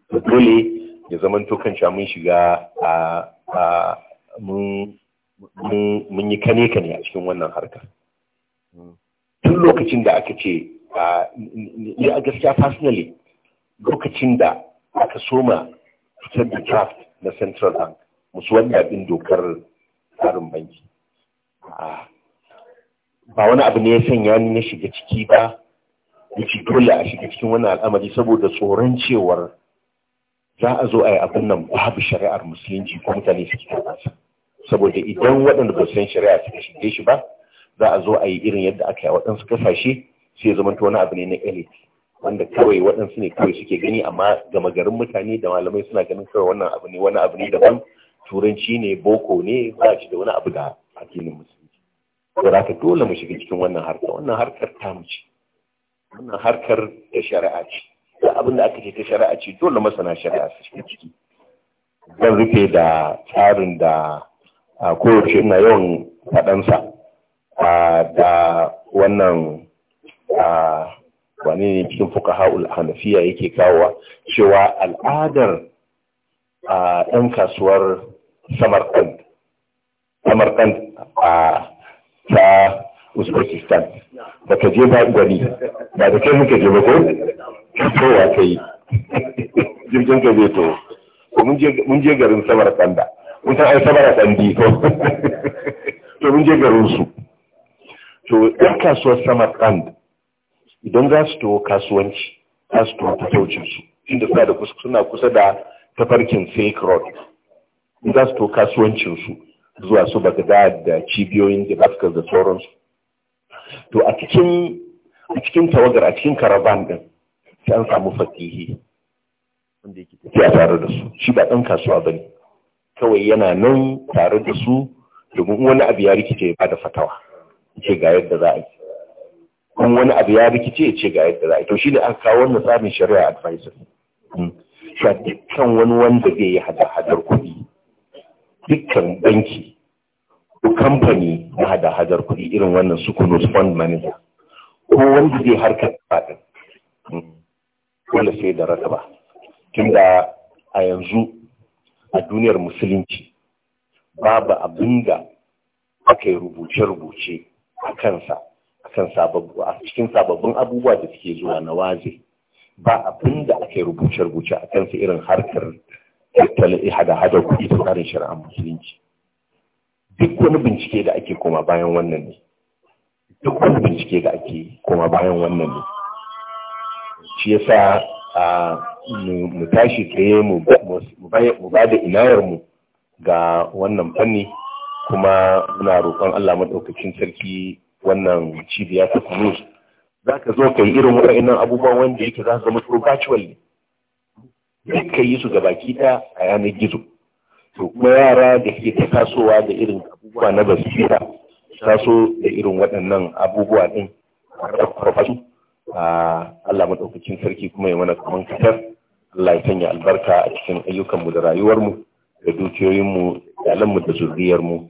to dole ya zaman to kan mun shiga a a mun mun yi kane kane a cikin wannan harkar tun lokacin da aka ce a gaskiya personally lokacin da aka soma fitar da draft na central bank musu wani abin dokar tsarin banki ba wani abu ne ya sanya ni na shiga ciki ba da ci dole a shiga cikin wani al'amari saboda tsoron cewar za a zo a yi abin nan babu shari'ar musulunci ko mutane suke karɓa saboda idan waɗanda ba san shari'a suka shige shi ba za a zo a yi irin yadda aka yi waɗansu kasashe sai ya zama wani abu ne na elite wanda kawai waɗansu ne kawai suke gani amma gama garin mutane da malamai suna ganin kawai wannan abu ne wani abu ne daban turanci ne boko ne ba shi da wani abu da addinin musulunci to za ka dole mu shiga cikin wannan harkar wannan harkar ta mu wannan harkar ta shari'a ce da abin da aka ce ta shari'a ce dole masana shari'a su shiga ciki zan rufe da tsarin da koyaushe ina yawan faɗansa da wannan wane ne cikin fuka ha'ul hanafiya yake kawowa cewa al'adar a ɗan kasuwar samarkand samarkand a ta uzbekistan ba ka je ba gani ba da kai muka je ba ko kowa ka yi jirgin ka zai to mun je garin samarkand da mun san ai samarkand ko [LAUGHS] to mun je garin su to ɗan kasuwar samarkand idan za su tuwo kasuwanci za su tuwo fataucinsu inda suna da kusa suna kusa da tafarkin silk road za su tuwo kasuwancinsu zuwa su bagdad da cibiyoyin damascus da sauransu to a cikin tawagar a cikin karavan din sai an samu fakihi wanda yake tafiya tare da su shi ba ɗan kasuwa ba ne kawai yana nan tare da su domin wani abu ya rikice ya bada fatawa ce ga yadda za a yi in wani abu ya rikice ya ce ga yadda za a yi. to shi ne an kawo wannan tsarin shari'a advisor hmm. a dukkan wani wanda zai yi hada-hadar kuɗi dukkan banki ko kamfani na hada-hadar kuɗi irin wannan sukunus fund manager ko wanda zai harkar faɗin hmm, wanda sai da tun tunda a yanzu a duniyar musulunci babu abin da aka yi rubuce-rubuce a kansa a cikin sababbin abubuwa da suke zuwa na waje ba abin da aka rubuce-rubuce a kansu irin harkar tattalin hada-hada kuɗi da tsarin shari'ar musulunci duk wani bincike da ake koma bayan wannan ne duk wani bincike da ake koma bayan wannan ne shi sa a mu tashi tsaye mu ba da inayarmu ga wannan fanni kuma muna roƙon Allah maɗaukacin sarki wannan cibiya ta kunu za ka zo ka yi irin waɗannan abubuwa wanda yake za su zama virtual ne duk ka yi su ga baki ta a yanar gizo to kuma yara da ke ta tasowa da irin abubuwa na basira taso da irin waɗannan abubuwa ɗin a su Allah maɗaukacin sarki kuma ya mana kaman kasar Allah ya sanya albarka a cikin ayyukanmu da rayuwarmu da dukiyoyinmu da da zurriyarmu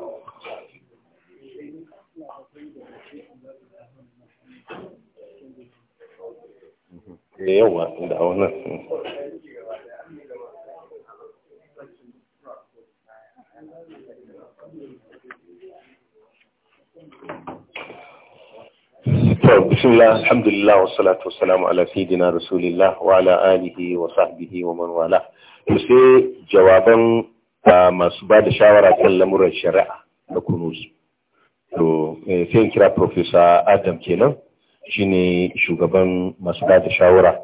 Eh, yawa da wannan بسم الله الحمد لله والصلاة والسلام على سيدنا رسول الله وعلى آله وصحبه ومن والاه sai jawaban ah, masu ba da shawara kan lamuran shari'a da kunuzu to eh, sai kira Profesa Adam kenan Shi ne shugaban masu ba da shawara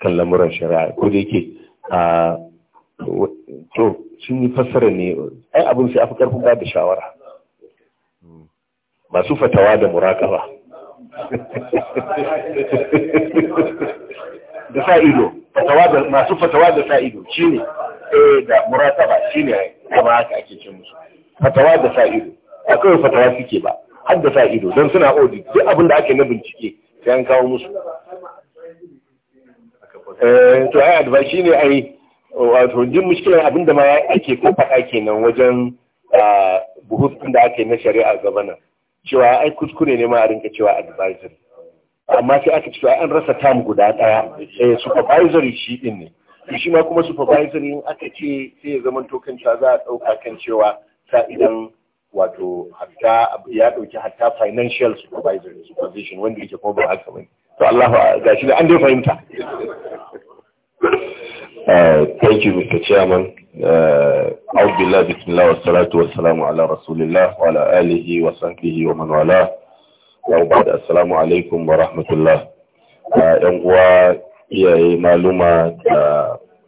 kan lamuran shari'a ko da yake a to sun yi fassara ne ai abin sai afi karfin ba da shawara masu fatawa da muraƙaba da sa ido masu fatawa da sa ido ne. eh da muraƙaba shine kama haka ake ce musu fatawa da sa ido akwai fatawa suke ba haddasa ido don suna odi duk abin da ake na bincike sai an kawo musu eh, to ai shi ne ai wato jin mushkilar abin da ma ake ko faɗa kenan wajen ah, buhutun da ake na shari'a gabana cewa ai kuskure ne ma a rinka cewa advisory amma sai aka cewa an rasa tam guda ɗaya eh, supervisory shi din ne to shi ma kuma supervisory in aka ce sai ya zama tokanta kan za a ɗauka kan cewa sa idan wato hatta ya dauki hatta financial supervisor supervision wanda yake kuma ba haka bane to Allah ga shi da an dai fahimta uh, thank you Mr. Chairman uh, bismillah wa أعوذ بالله بسم الله والصلاة والسلام على رسول الله وعلى آله وصحبه ومن والاه وبعد السلام عليكم ورحمة الله yan uwa iyaye maluma da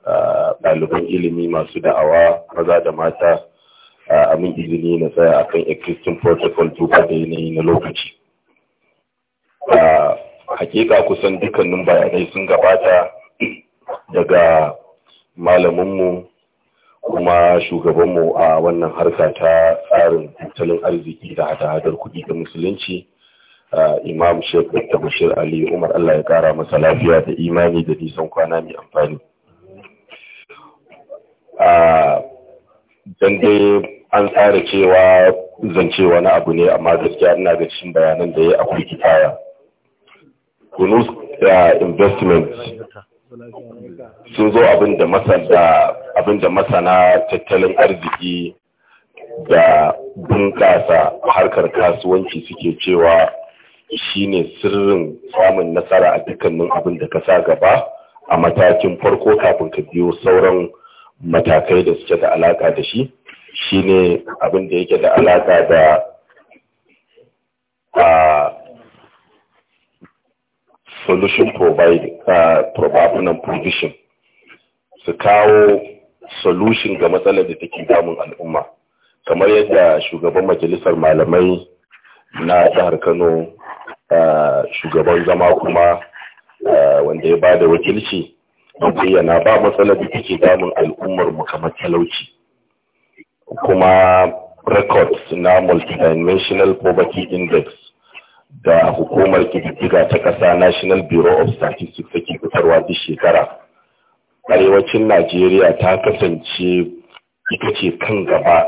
uh, ɗaliban ilimi masu da'awa maza da mata abin izini na tsaya akan existing protocol duka da yanayi na lokaci A hakika kusan dukkanin bayanai sun gabata daga malaminmu kuma shugabanmu a wannan harka ta tsarin tattalin arziki da hada-hadar kuɗi da musulunci imam sheikh dr bashir ali umar allah ya kara masa lafiya da imani da nisan kwana mai amfani don dai an tsara cewa zance wani abu ne amma gaskiya ina ga cikin bayanan da ya akwai kitaya kunus da investment sun zo abin da masana tattalin arziki da bunƙasa harkar kasuwanci suke cewa shi ne sirrin samun nasara a dukkanin abin da ka sa gaba a matakin farko kafin ka biyo sauran matakai da suke da alaka da shi shine abin da yake da alaƙa da solution provide probabunan provision su kawo solution ga matsalar da take damun al'umma kamar yadda shugaban majalisar malamai na jihar kano shugaban zama kuma wanda ya bada wakilci bayyana ba matsalar da take damun al'ummar mu kamar talauci kuma records na multidimensional poverty index da hukumar kididdiga ta ƙasa national bureau of statistics take fitarwa duk shekara arewacin najeriya ta kasance ita ce kan gaba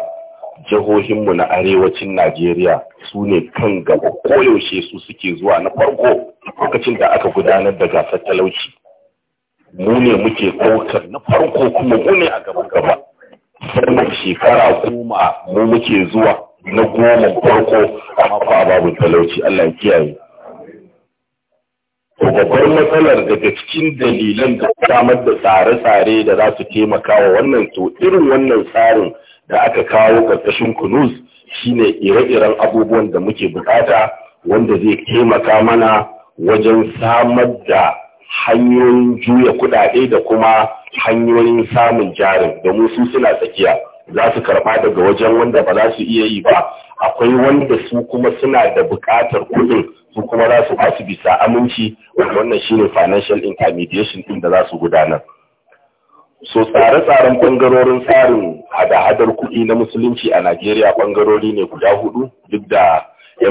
jihohinmu na arewacin najeriya su ne kan gaba koyaushe su suke zuwa na farko lokacin da aka gudanar da gasar talauci mu ne muke ɗaukar na farko kuma mu ne a gaban gaba sannan shekara goma mu muke zuwa na goma farko amma fa babu talauci Allah ya kiyaye to babbar matsalar daga cikin dalilan da samar da tsare-tsare da za su taimaka wa wannan to irin wannan tsarin da aka kawo ƙarƙashin kunus shine ire-iren abubuwan da muke bukata wanda zai taimaka mana wajen samar da hanyoyin juya kuɗaɗe da kuma hanyoyin samun jarin domin su suna tsakiya za su karɓa daga wajen wanda ba za su iya yi ba akwai wanda su kuma suna da bukatar kuɗin su kuma za su basu bisa aminci wannan shine financial intermediation din da za su gudanar so tsare-tsaren bangarorin tsarin hada-hadar kuɗi na musulunci a Najeriya bangarori ne guda hudu duk da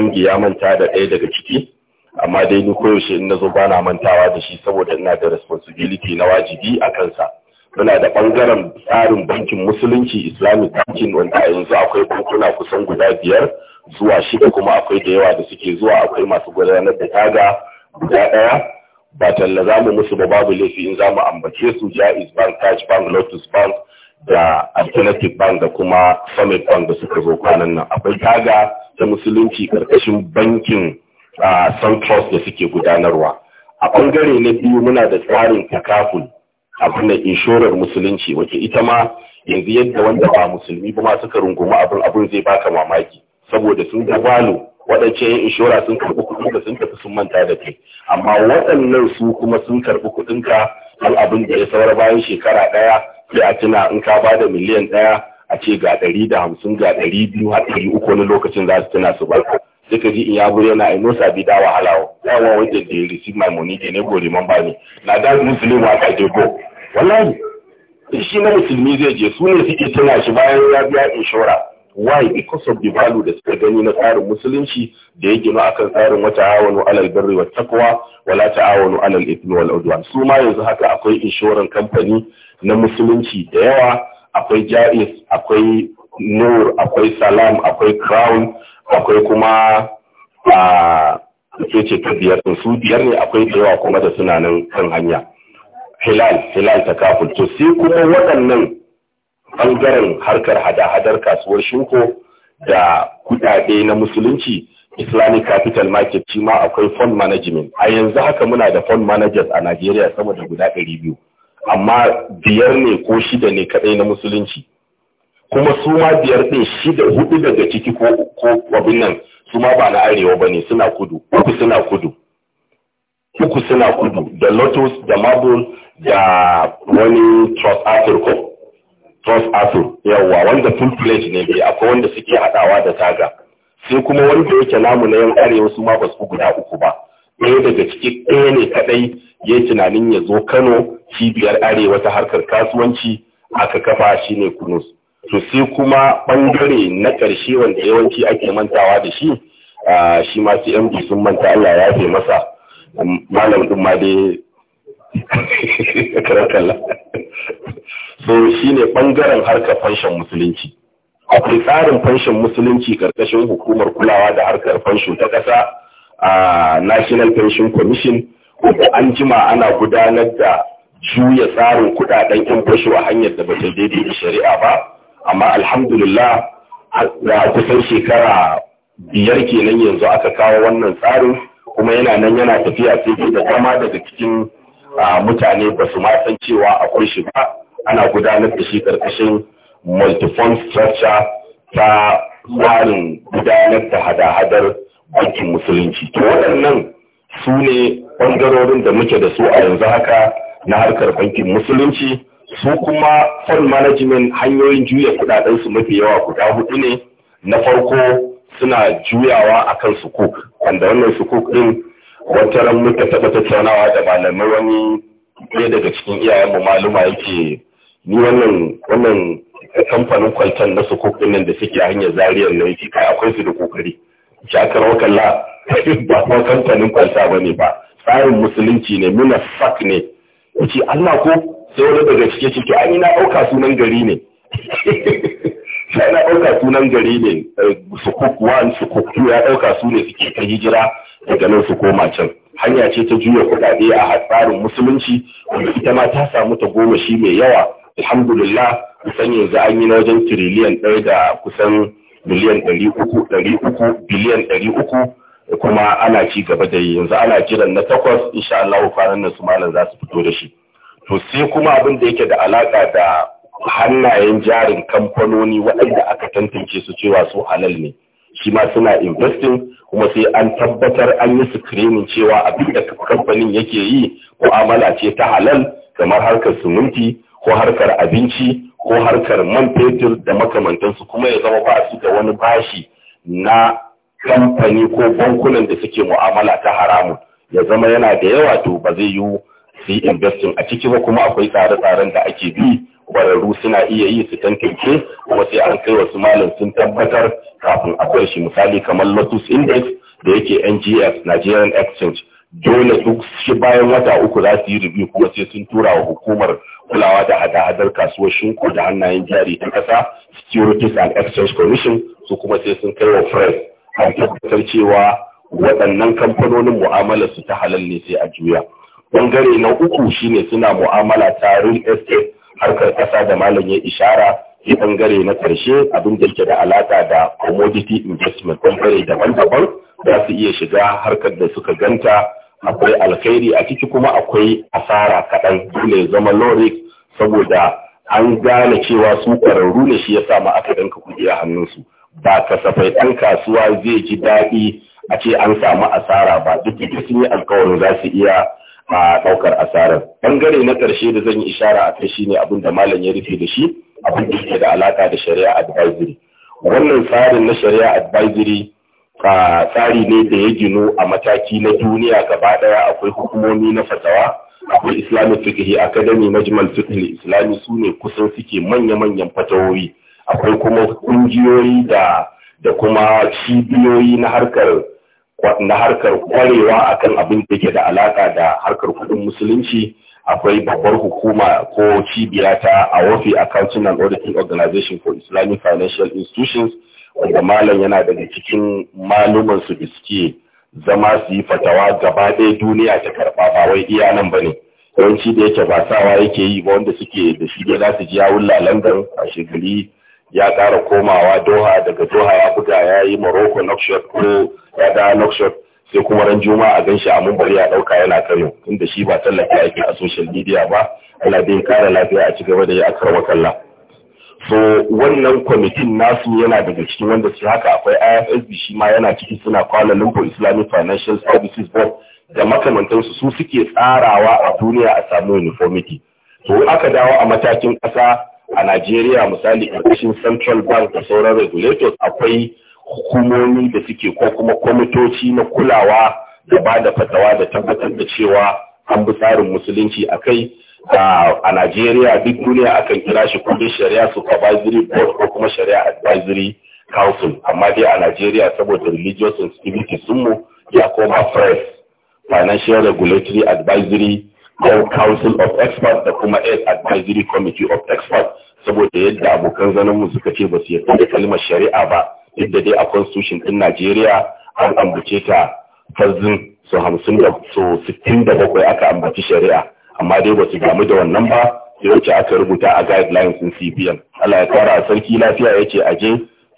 MD ya manta da ɗaya daga ciki amma dai ni koyaushe in nazo ba na mantawa da shi saboda ina da responsibility na wajibi a kansa muna da bangaren tsarin bankin musulunci islamic Bankin wanda a yanzu akwai bankuna kusan guda biyar zuwa shida kuma akwai da yawa da suke zuwa akwai masu gudanar da taga guda ɗaya ba talla za mu musu ba babu laifi in za mu ambace su jaiz bank taj bank lotus bank da alternative bank da kuma summit bank da suka zo kwanan nan akwai taga ta musulunci karkashin bankin centros da suke gudanarwa a ɓangare na biyu muna da tsarin takaful abin da inshorar musulunci wacce ita ma yanzu yadda wanda ba musulmi ba ma suka runguma abin abin zai baka mamaki saboda sun ga balo waɗancan yan inshora sun karɓi kuɗin sun tafi sun manta da kai amma waɗannan su kuma sun karɓi kuɗin ka har abin da ya saura bayan shekara ɗaya sai a tuna in ka ba da miliyan ɗaya a ce ga ɗari da hamsin ga ɗari biyu a ɗari uku wani lokacin za su tuna su barka sai ka ji in yabure yana i know sabi da wahala o that one wey dem dey receive my money dem no go remember me na that muslim work i dey go wallahi shi na musulmi zai je su ne suke tana shi bayan ya biya inshora why because of the value da suka gani na tsarin musulunci da ya gino akan tsarin wata awonu alal birri wa takwa wala awonu alal ibn wal udwan su ma yanzu haka akwai inshoran kamfani na musulunci da yawa akwai Ja'is, akwai Nur akwai Salam akwai Crown akwai kuma a ce ce ta biyar su biyar ne akwai da yawa kuma da suna nan kan hanya hilal hilal ta kafin to sai kuma waɗannan ɓangaren harkar hada-hadar kasuwar shinko da kuɗaɗe na musulunci islamic capital market shi ma akwai fund management a yanzu haka muna da fund managers a najeriya sama da guda ɗari biyu amma biyar ne ko shida ne kaɗai na musulunci kuma su ma biyar ɗin shida hudu daga ciki ko abin nan su ma ba na arewa ba ne suna kudu uku suna kudu uku suna kudu da lotus da marble da wani trust arthur ko trust yawwa wanda full plate ne bai akwai wanda suke hadawa da taga sai kuma wanda yake namu na yan arewa su ma ba su guda uku ba ɗaya daga ciki ɗaya ne kaɗai ya tunanin ya zo kano cibiyar arewa ta harkar kasuwanci aka kafa shi ne kunus to sai kuma bangare na ƙarshe wanda yawanci ake mantawa da shi shi ma su md sun manta allah ya fi masa malam ɗin ma dai [LAUGHS] karakalla so shi ne ɓangaren harkar fanshin musulunci akwai tsarin fanshin musulunci ƙarƙashin hukumar kulawa da harkar fanshin ta ƙasa a national pension commission wanda an jima ana gudanar da juya tsarin kuɗaɗen yan fashi a hanyar da bata daidai da shari'a ba amma alhamdulillah a kusan shekara biyar kenan yanzu aka kawo wannan tsarin kuma yana nan yana tafiya sai da kama daga cikin mutane ba su san cewa akwai shi ba ana gudanar da shi karkashin Multifom structure ta tsarin gudanar da hada-hadar bankin musulunci to waɗannan su ne ɓangarorin da muke da su a yanzu haka na harkar bankin musulunci su kuma fund management hanyoyin juya su mafi yawa guda hudu ne na farko suna juyawa akan sukuk wanda wannan sukuk din wata ran muka taɓa tattaunawa da malamai wani ɗaya daga cikin iyayenmu maluma yake ni wannan wannan kamfanin kwaltan na sukuk din nan da suke hanyar zariyar nan yake kai akwai su da kokari aka wakalla [LAUGHS] ba kuma kamfanin kwalta bane ba tsarin musulunci ne muna fak ne yace Allah ko sai wani daga cike cike an yi na ɗauka sunan gari ne [LAUGHS] sai na ɗauka sunan gari ne eh, sukuk one su two ya ɗauka su ne suke ta hijira daga nan su koma can hanya ce ta juya kuɗaɗe a tsarin musulunci wanda ita ma ta samu ta goma shi mai yawa alhamdulillah kusan yanzu an yi na wajen tiriliyan ɗaya da kusan miliyan ɗari uku ɗari uku biliyan ɗari uku kuma ana ci gaba da yi yanzu ana kiran na takwas insha Allah kwanan nan su malam za su fito da shi to sai kuma abin da yake da alaka da hannayen jarin kamfanoni waɗanda aka tantance su cewa su halal ne shi ma suna investing kuma sai an tabbatar an yi screening cewa abin da kamfanin yake yi ko mu'amala ce ta halal kamar harkar siminti ko harkar abinci ko harkar man fetur da makamantansu kuma ya zama ba su da wani bashi na kamfani ko bankunan da suke mu'amala ta haramun ya zama yana da yawa to ba zai yiwu su yi investing a ciki ba kuma akwai tsare-tsaren da ake bi kwararru suna iya yi su tantance kuma sai an kai wasu malam sun tabbatar kafin a akwai shi misali kamar lotus index da yake ngs nigerian exchange dole duk shi bayan wata uku za su yi rubi kuma sai sun tura wa hukumar kulawa da hada-hadar kasuwar shinko da hannayen jari ta ƙasa securities and exchange commission su kuma sai sun kai wa fred a tabbatar cewa waɗannan kamfanonin mu'amalar su ta halal ne sai a juya ɓangare na uku shine suna mu'amala ta real estate harkar ƙasa da malam ya ishara sai bangare na ƙarshe abin da yake da alaƙa da commodity investment ɓangare daban-daban za su iya shiga harkar da suka ganta akwai alkhairi a ciki kuma akwai asara kaɗan dole zama lorik saboda an gane cewa su ƙwararru ne shi ya sa ma aka ɗanka kuɗi a hannunsu ba kasafai ɗan kasuwa zai ji daɗi a ce an samu asara ba duk da sun yi alkawarin za su iya a ɗaukar asarar. Bangare na ƙarshe da zan yi ishara a kai shine abin da malam ya rufe da shi abin da yake da alaƙa da shari'a advisory. Wannan tsarin na shari'a advisory a tsari ne da ya ginu a mataki na duniya gaba ɗaya akwai hukumomi na fatawa akwai Islamic Fiqh Academy Majmal Fiqh Islami Sune kusan suke manya-manyan fatawoyi. akwai kuma kungiyoyi da da kuma cibiyoyi na harkar na harkar kwarewa akan abin da ke da alaka da harkar kudin musulunci akwai babbar hukuma ko cibiya ta awofi accounting and auditing organization for islamic financial institutions wanda malam yana daga cikin maluman su da zama su yi fatawa gaba ɗaya duniya ta karɓa ba wai iya nan ba ne yawanci da yake ba sawa yake yi ba wanda suke da shi za su ji yawun lalandan a shigari ya ƙara komawa doha daga doha ya buga ya yi morocco knockshot ko ya da knockshot sai kuma ran juma'a a ganshi a mumbari a ɗauka yana kano inda shi ba tallafi ake a social media ba ana bin kare lafiya a cigaba da ya akar kalla so wannan kwamitin nasu yana daga cikin wanda su haka akwai ifsb shi ma yana ciki suna kwala lumpur islamic financial services board da makamantansu su suke tsarawa a duniya a samu uniformity to aka dawo a matakin ƙasa a Najeriya misali ƙarƙashin Central Bank da sauran regulators akwai hukumomi da suke ko kuma kwamitoci na kulawa da ba da fatawa da tabbatar da cewa an bi tsarin musulunci a kai a Najeriya duk duniya akan kira shi kudin shari'a supervisory board ko kuma shari'a advisory council amma dai a Najeriya saboda religious sensitivity sun mu ya koma press financial regulatory advisory Yan council of experts da kuma aid advisory committee of experts saboda yadda abokan zanenmu suka ce ba su yarda da kalmar shari'a ba yadda dai a constitution din Najeriya an ambace ta farzin so hamsin da so sittin da bakwai aka ambaci shari'a amma dai ba su gamu da wannan ba sai wacce aka rubuta a guidelines in CBN Allah ya kara sarki lafiya ya yace aje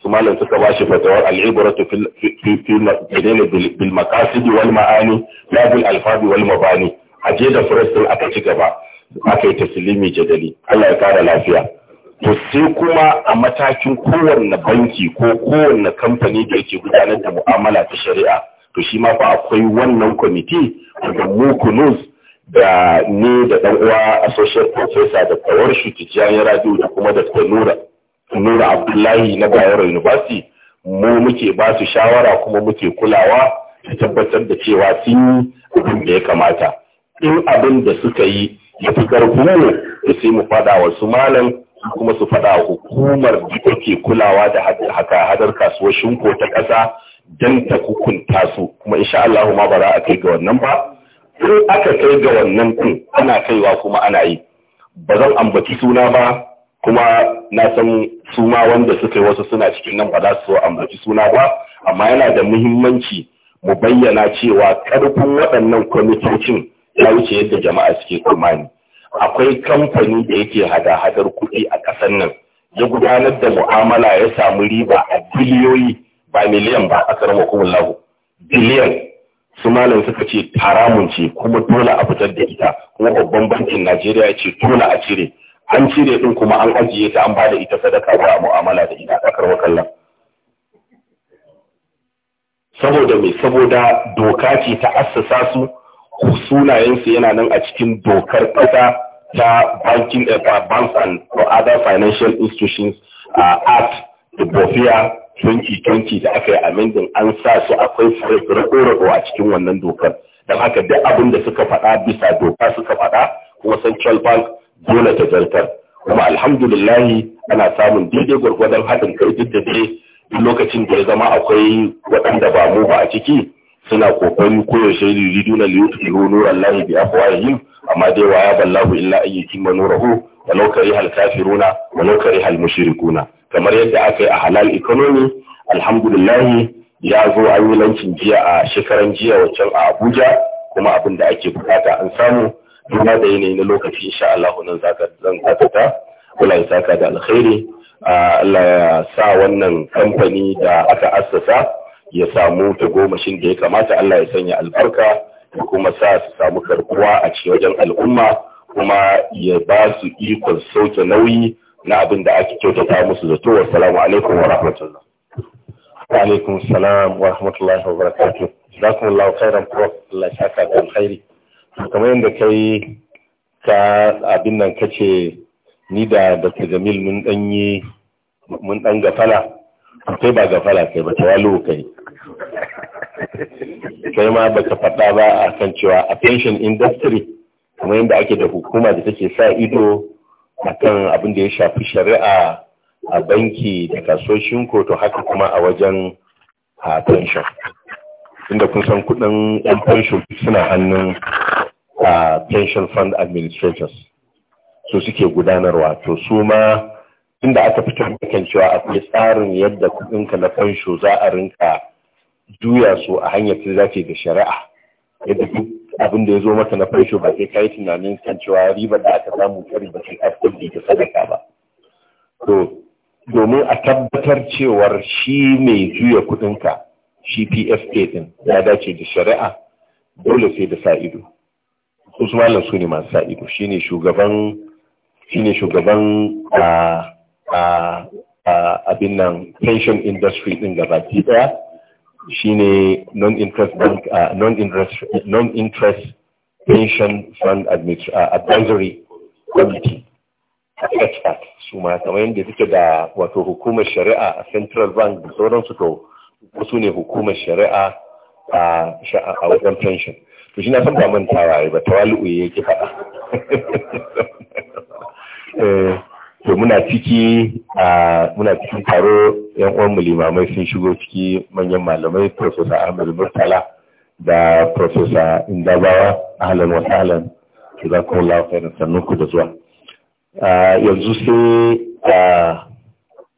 su malam suka ba shi fatawar al'ibratu fil fil fil bil maqasid wal ma'ani la bil wal mabani a je da firistin aka ci gaba aka yi tasilimi jadali Allah ya kara lafiya to sai kuma a matakin kowanne banki ko kowanne kamfani da yake gudanar da mu'amala ta shari'a to shi ma fa akwai wannan kwamiti daga mukunus da ni da dan uwa associate professor da kawar shi tijjani radio da kuma da nura nura abdullahi na bayero university mu muke ba su shawara kuma muke kulawa ta tabbatar da cewa sun yi abin da ya kamata in abin da suka yi ya fi ne da sai mu faɗa wa su malam kuma su fada wa hukumar da take kulawa da haka hadar kasuwar shinko ta ƙasa don ta hukunta su kuma insha Allah ma ba za a kai ga wannan ba in aka kai ga wannan kun ana kaiwa kuma ana yi ba zan ambaci suna ba kuma na san su ma wanda suka yi wasu suna cikin nan ba za su ambaci suna ba amma yana da muhimmanci mu bayyana cewa ƙarfin waɗannan kwamitocin ya wuce yadda jama'a suke tsammani akwai kamfani da yake hada-hadar kuɗi a ƙasar nan ya gudanar da mu'amala ya samu riba a biliyoyi ba miliyan ba a hukumar lahu biliyan su malam suka ce haramun ce kuma dole a fitar da ita kuma babban bankin najeriya ya ce dole a cire an cire din kuma an ajiye ta an bada ita sadaka ba mu'amala da ita a karamar kallon saboda mai saboda doka ce ta assasa su sunayensu yana nan a cikin dokar ƙasa ta banking eh, banks and other financial institutions act the bofiya 2020 da aka yi amendin an sa su akwai rako a cikin wannan dokar don haka duk abin da suka faɗa bisa doka suka faɗa kuma central bank dole ta zartar kuma alhamdulillahi ana samun daidai gwargwadon haɗin kai duk da dai lokacin da ya zama akwai waɗanda ba mu ba a ciki suna kokari koyaushe yuriduna li yutfihu nurallahi bi afwahihim amma dai wa ya ballahu illa an yutimma nurahu walau karihal kafiruna walau karihal mushrikuna kamar yadda aka yi a halal economy alhamdulillah ya zo an yi lancin jiya a shekaran jiya waccan a Abuja kuma abin da ake bukata an samu duba da yanayi na lokaci insha Allah nan zaka zan zakata kula ya da alkhairi ah, Allah ya sa wannan kamfani da aka assasa ya samu tagomashin da ya kamata Allah ya sanya albarka da kuma sa su samu karkuwa a cikin wajen al'umma kuma ya ba su ikon sauke nauyi na abin da ake kyautata musu zato wa salamu alaikum wa rahmatullah wa alaikum salam wa rahmatullahi wa barakatuh jazakumullahu khairan prof Allah ya saka da alkhairi kamar yadda kai ka abin nan kace ni da Dr. Jamil mun danyi mun dan gafala kai ba gafara kai ba tawalu kai Kai ma baka faɗa ba a kan cewa a pension industry kuma yadda ake da hukuma da take sa ido a kan abin da ya shafi shari'a a banki da kasoshin kotu haka kuma a wajen a pension inda kun san kudin yan pension suna hannun a pension fund administrators su suke gudanarwa to su ma inda aka fitar da kan cewa akwai tsarin yadda kuɗinka na fansho za a rinka juya su a hanyar ta dace da shari'a yadda duk abin ya zo maka na fansho ba sai ka tunanin kan cewa ribar da aka samu ta riba sai a da sadaka ba to domin a tabbatar cewar shi mai juya kuɗinka shi PFA din ya dace da shari'a dole sai da sa ido Usman su ne masu sa ido shine shugaban shine shugaban a ah, abin nan pension industry din ga baki daya shine non-interest bank non-interest pension fund advisory committee expert su ma kamar yadda suke da wato hukumar shari'a a central bank da sauransu to wasu ne hukumar shari'a a wajen pension to shi na san ba mantawa ba tawali'u yake faɗa [LAUGHS] eh. to muna ciki a muna cikin taro yan uwan mu limamai sun shigo ciki manyan malamai Profesa Ahmad Murtala da Profesa Indabawa ahlan wa sahlan jazakumullahu khairan sannan ku da zuwa yanzu sai